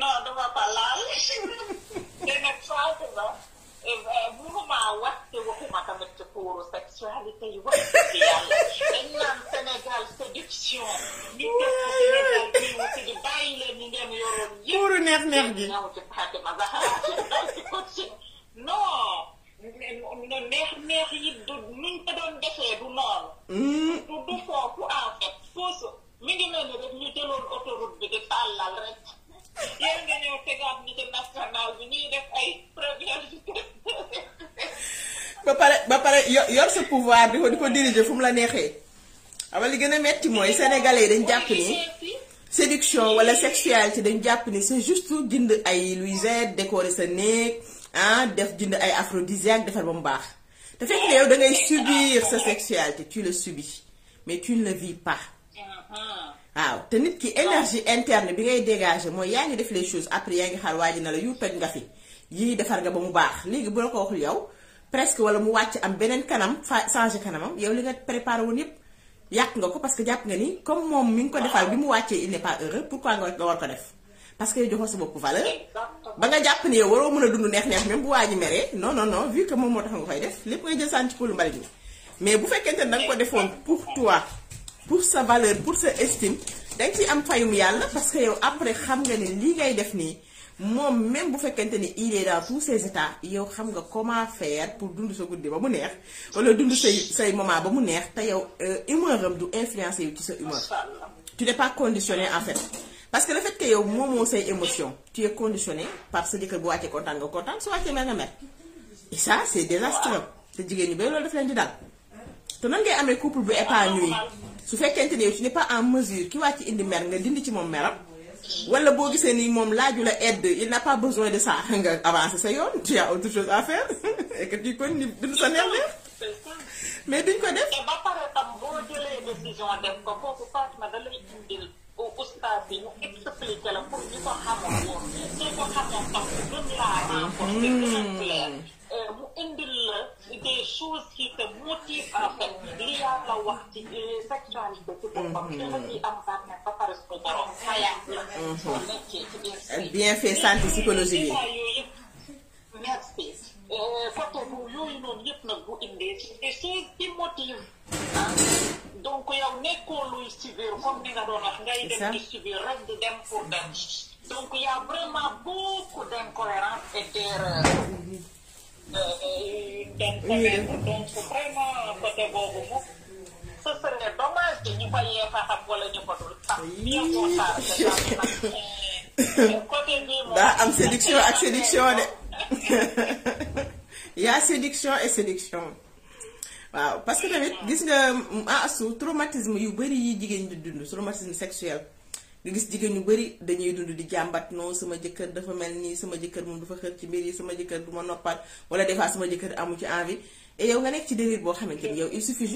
non dama fa laal te nag Fatima bugguma euh, wax te waxuma tamit ci kuuru sexualité yi wax ci yàlla dañ naan Sénégal séduction ñu def ko Sénégal bii wu ci di bàyyi leen ñi ngeen yoroon yëpp kuuru neex neex gi ñëw ci Fatima Zahra dal ci coaching non neex neex yi du nuñ ko doon hmm. mi ngi mel ni rek ñu jëloon autoroute bi di ñu ci national (laughs) ba pare ba pare yor sa pouvoir di ko di ko diriger fu mu la neexee. xam li gën a metti mooy sénégalais dañ jàpp ni séduction wala sexualité dañ jàpp ni c'est juste jënd ay luisette décorer sa néeg. ah def jënd ay aphrodisiaque defar ba mu baax te fekk na yow da ngay subir sa sexualité tu le subis mais tu ne le vis pas. waaw te nit ki énergie interne bi ngay dégager mooy yaa ngi def les choses après yaa ngi xaar waaj na la yu peg nga fi yii defar nga ba mu baax léegi bu la ko waxul yow presque wala mu wàcc am beneen kanam fa changé kanamam yow li nga préparé woon yépp yàq nga ko parce que jàpp nga ni comme moom mi ngi ko defal bi mu wàccee il n'est pas heureux pourquoi nga parce que yow joxoo sa bopp valeur ba nga jàpp ni yow waroo mën a dund neex-neex même bu waa ji meree non non non moom moo tax nga koy def lépp ngay jël sànni ci pëlu mbalit mi mais bu fekkente ne da ko defoon pour toi pour sa valeur pour sa estime da nga ciy am fayum yàlla parce que yow après xam nga ni lii ngay def nii moom même bu fekkente ni il est dans tous yow xam nga comment faire pour dundu sa guddi ba mu neex wala dund say say moment ba mu neex te yow euh, humeur du influencer yu ci sa humeur tu n'es pas conditionné en fait. parce que le fait que yow moomoo say émotion tu es conditionné par sa jëkkër bu wàccee kontaan nga kontaan su wàccee mer nga mer et ça c'est désastreux te jigéen ñi ba loolu def leen di dal te nan ngay amee couple bu épanoui su fekkente ne yow tu n'es pas en mesure ki wàcc indi mer nga dindi ci moom meram wala boo gisee nii moom laaju la aide il n'a pas besoin de ça (laughs) nga avancer sa yoon tu as autre chose à faire (laughs) et que dund sa neex mais duñ ko def. ba pare tam boo jëlee ko kooku Fatima oustaz bi ñu expliqué la pour ñu ko a clair mm. euh, la des choses qui bien fait santé psychologique Euh, facteur bu yooyu noonu yëpp nag bu indee et c'est immotive donc yow nekkoo luy subir comme ni nga doon wax ngay dem di subir rek di dem pour dem donc y a vraiment beaucoup d'incohérence et d'erreur euh, euh, d'incohérence donc vraiment côté boobu moom ce ah, (laughs) côté bii moom daa am séduction ak séduction de (laughs) y a séduction et séduction waaw parce que tamit gis nga asu ah, traumatisme yu bëri yi jigéen di dund traumatisme sexuel nga gis jigéen ñu bëri dañuy dund di jàmbat non sama jëkkër dafa mel nii sama jëkkër moom dafa xër ci mbir yi sama jëkkër du ma noppaat wala des fois sama jëkkër amu ci envie et yow nga nekk ci délire boo xamante ni yow il suffit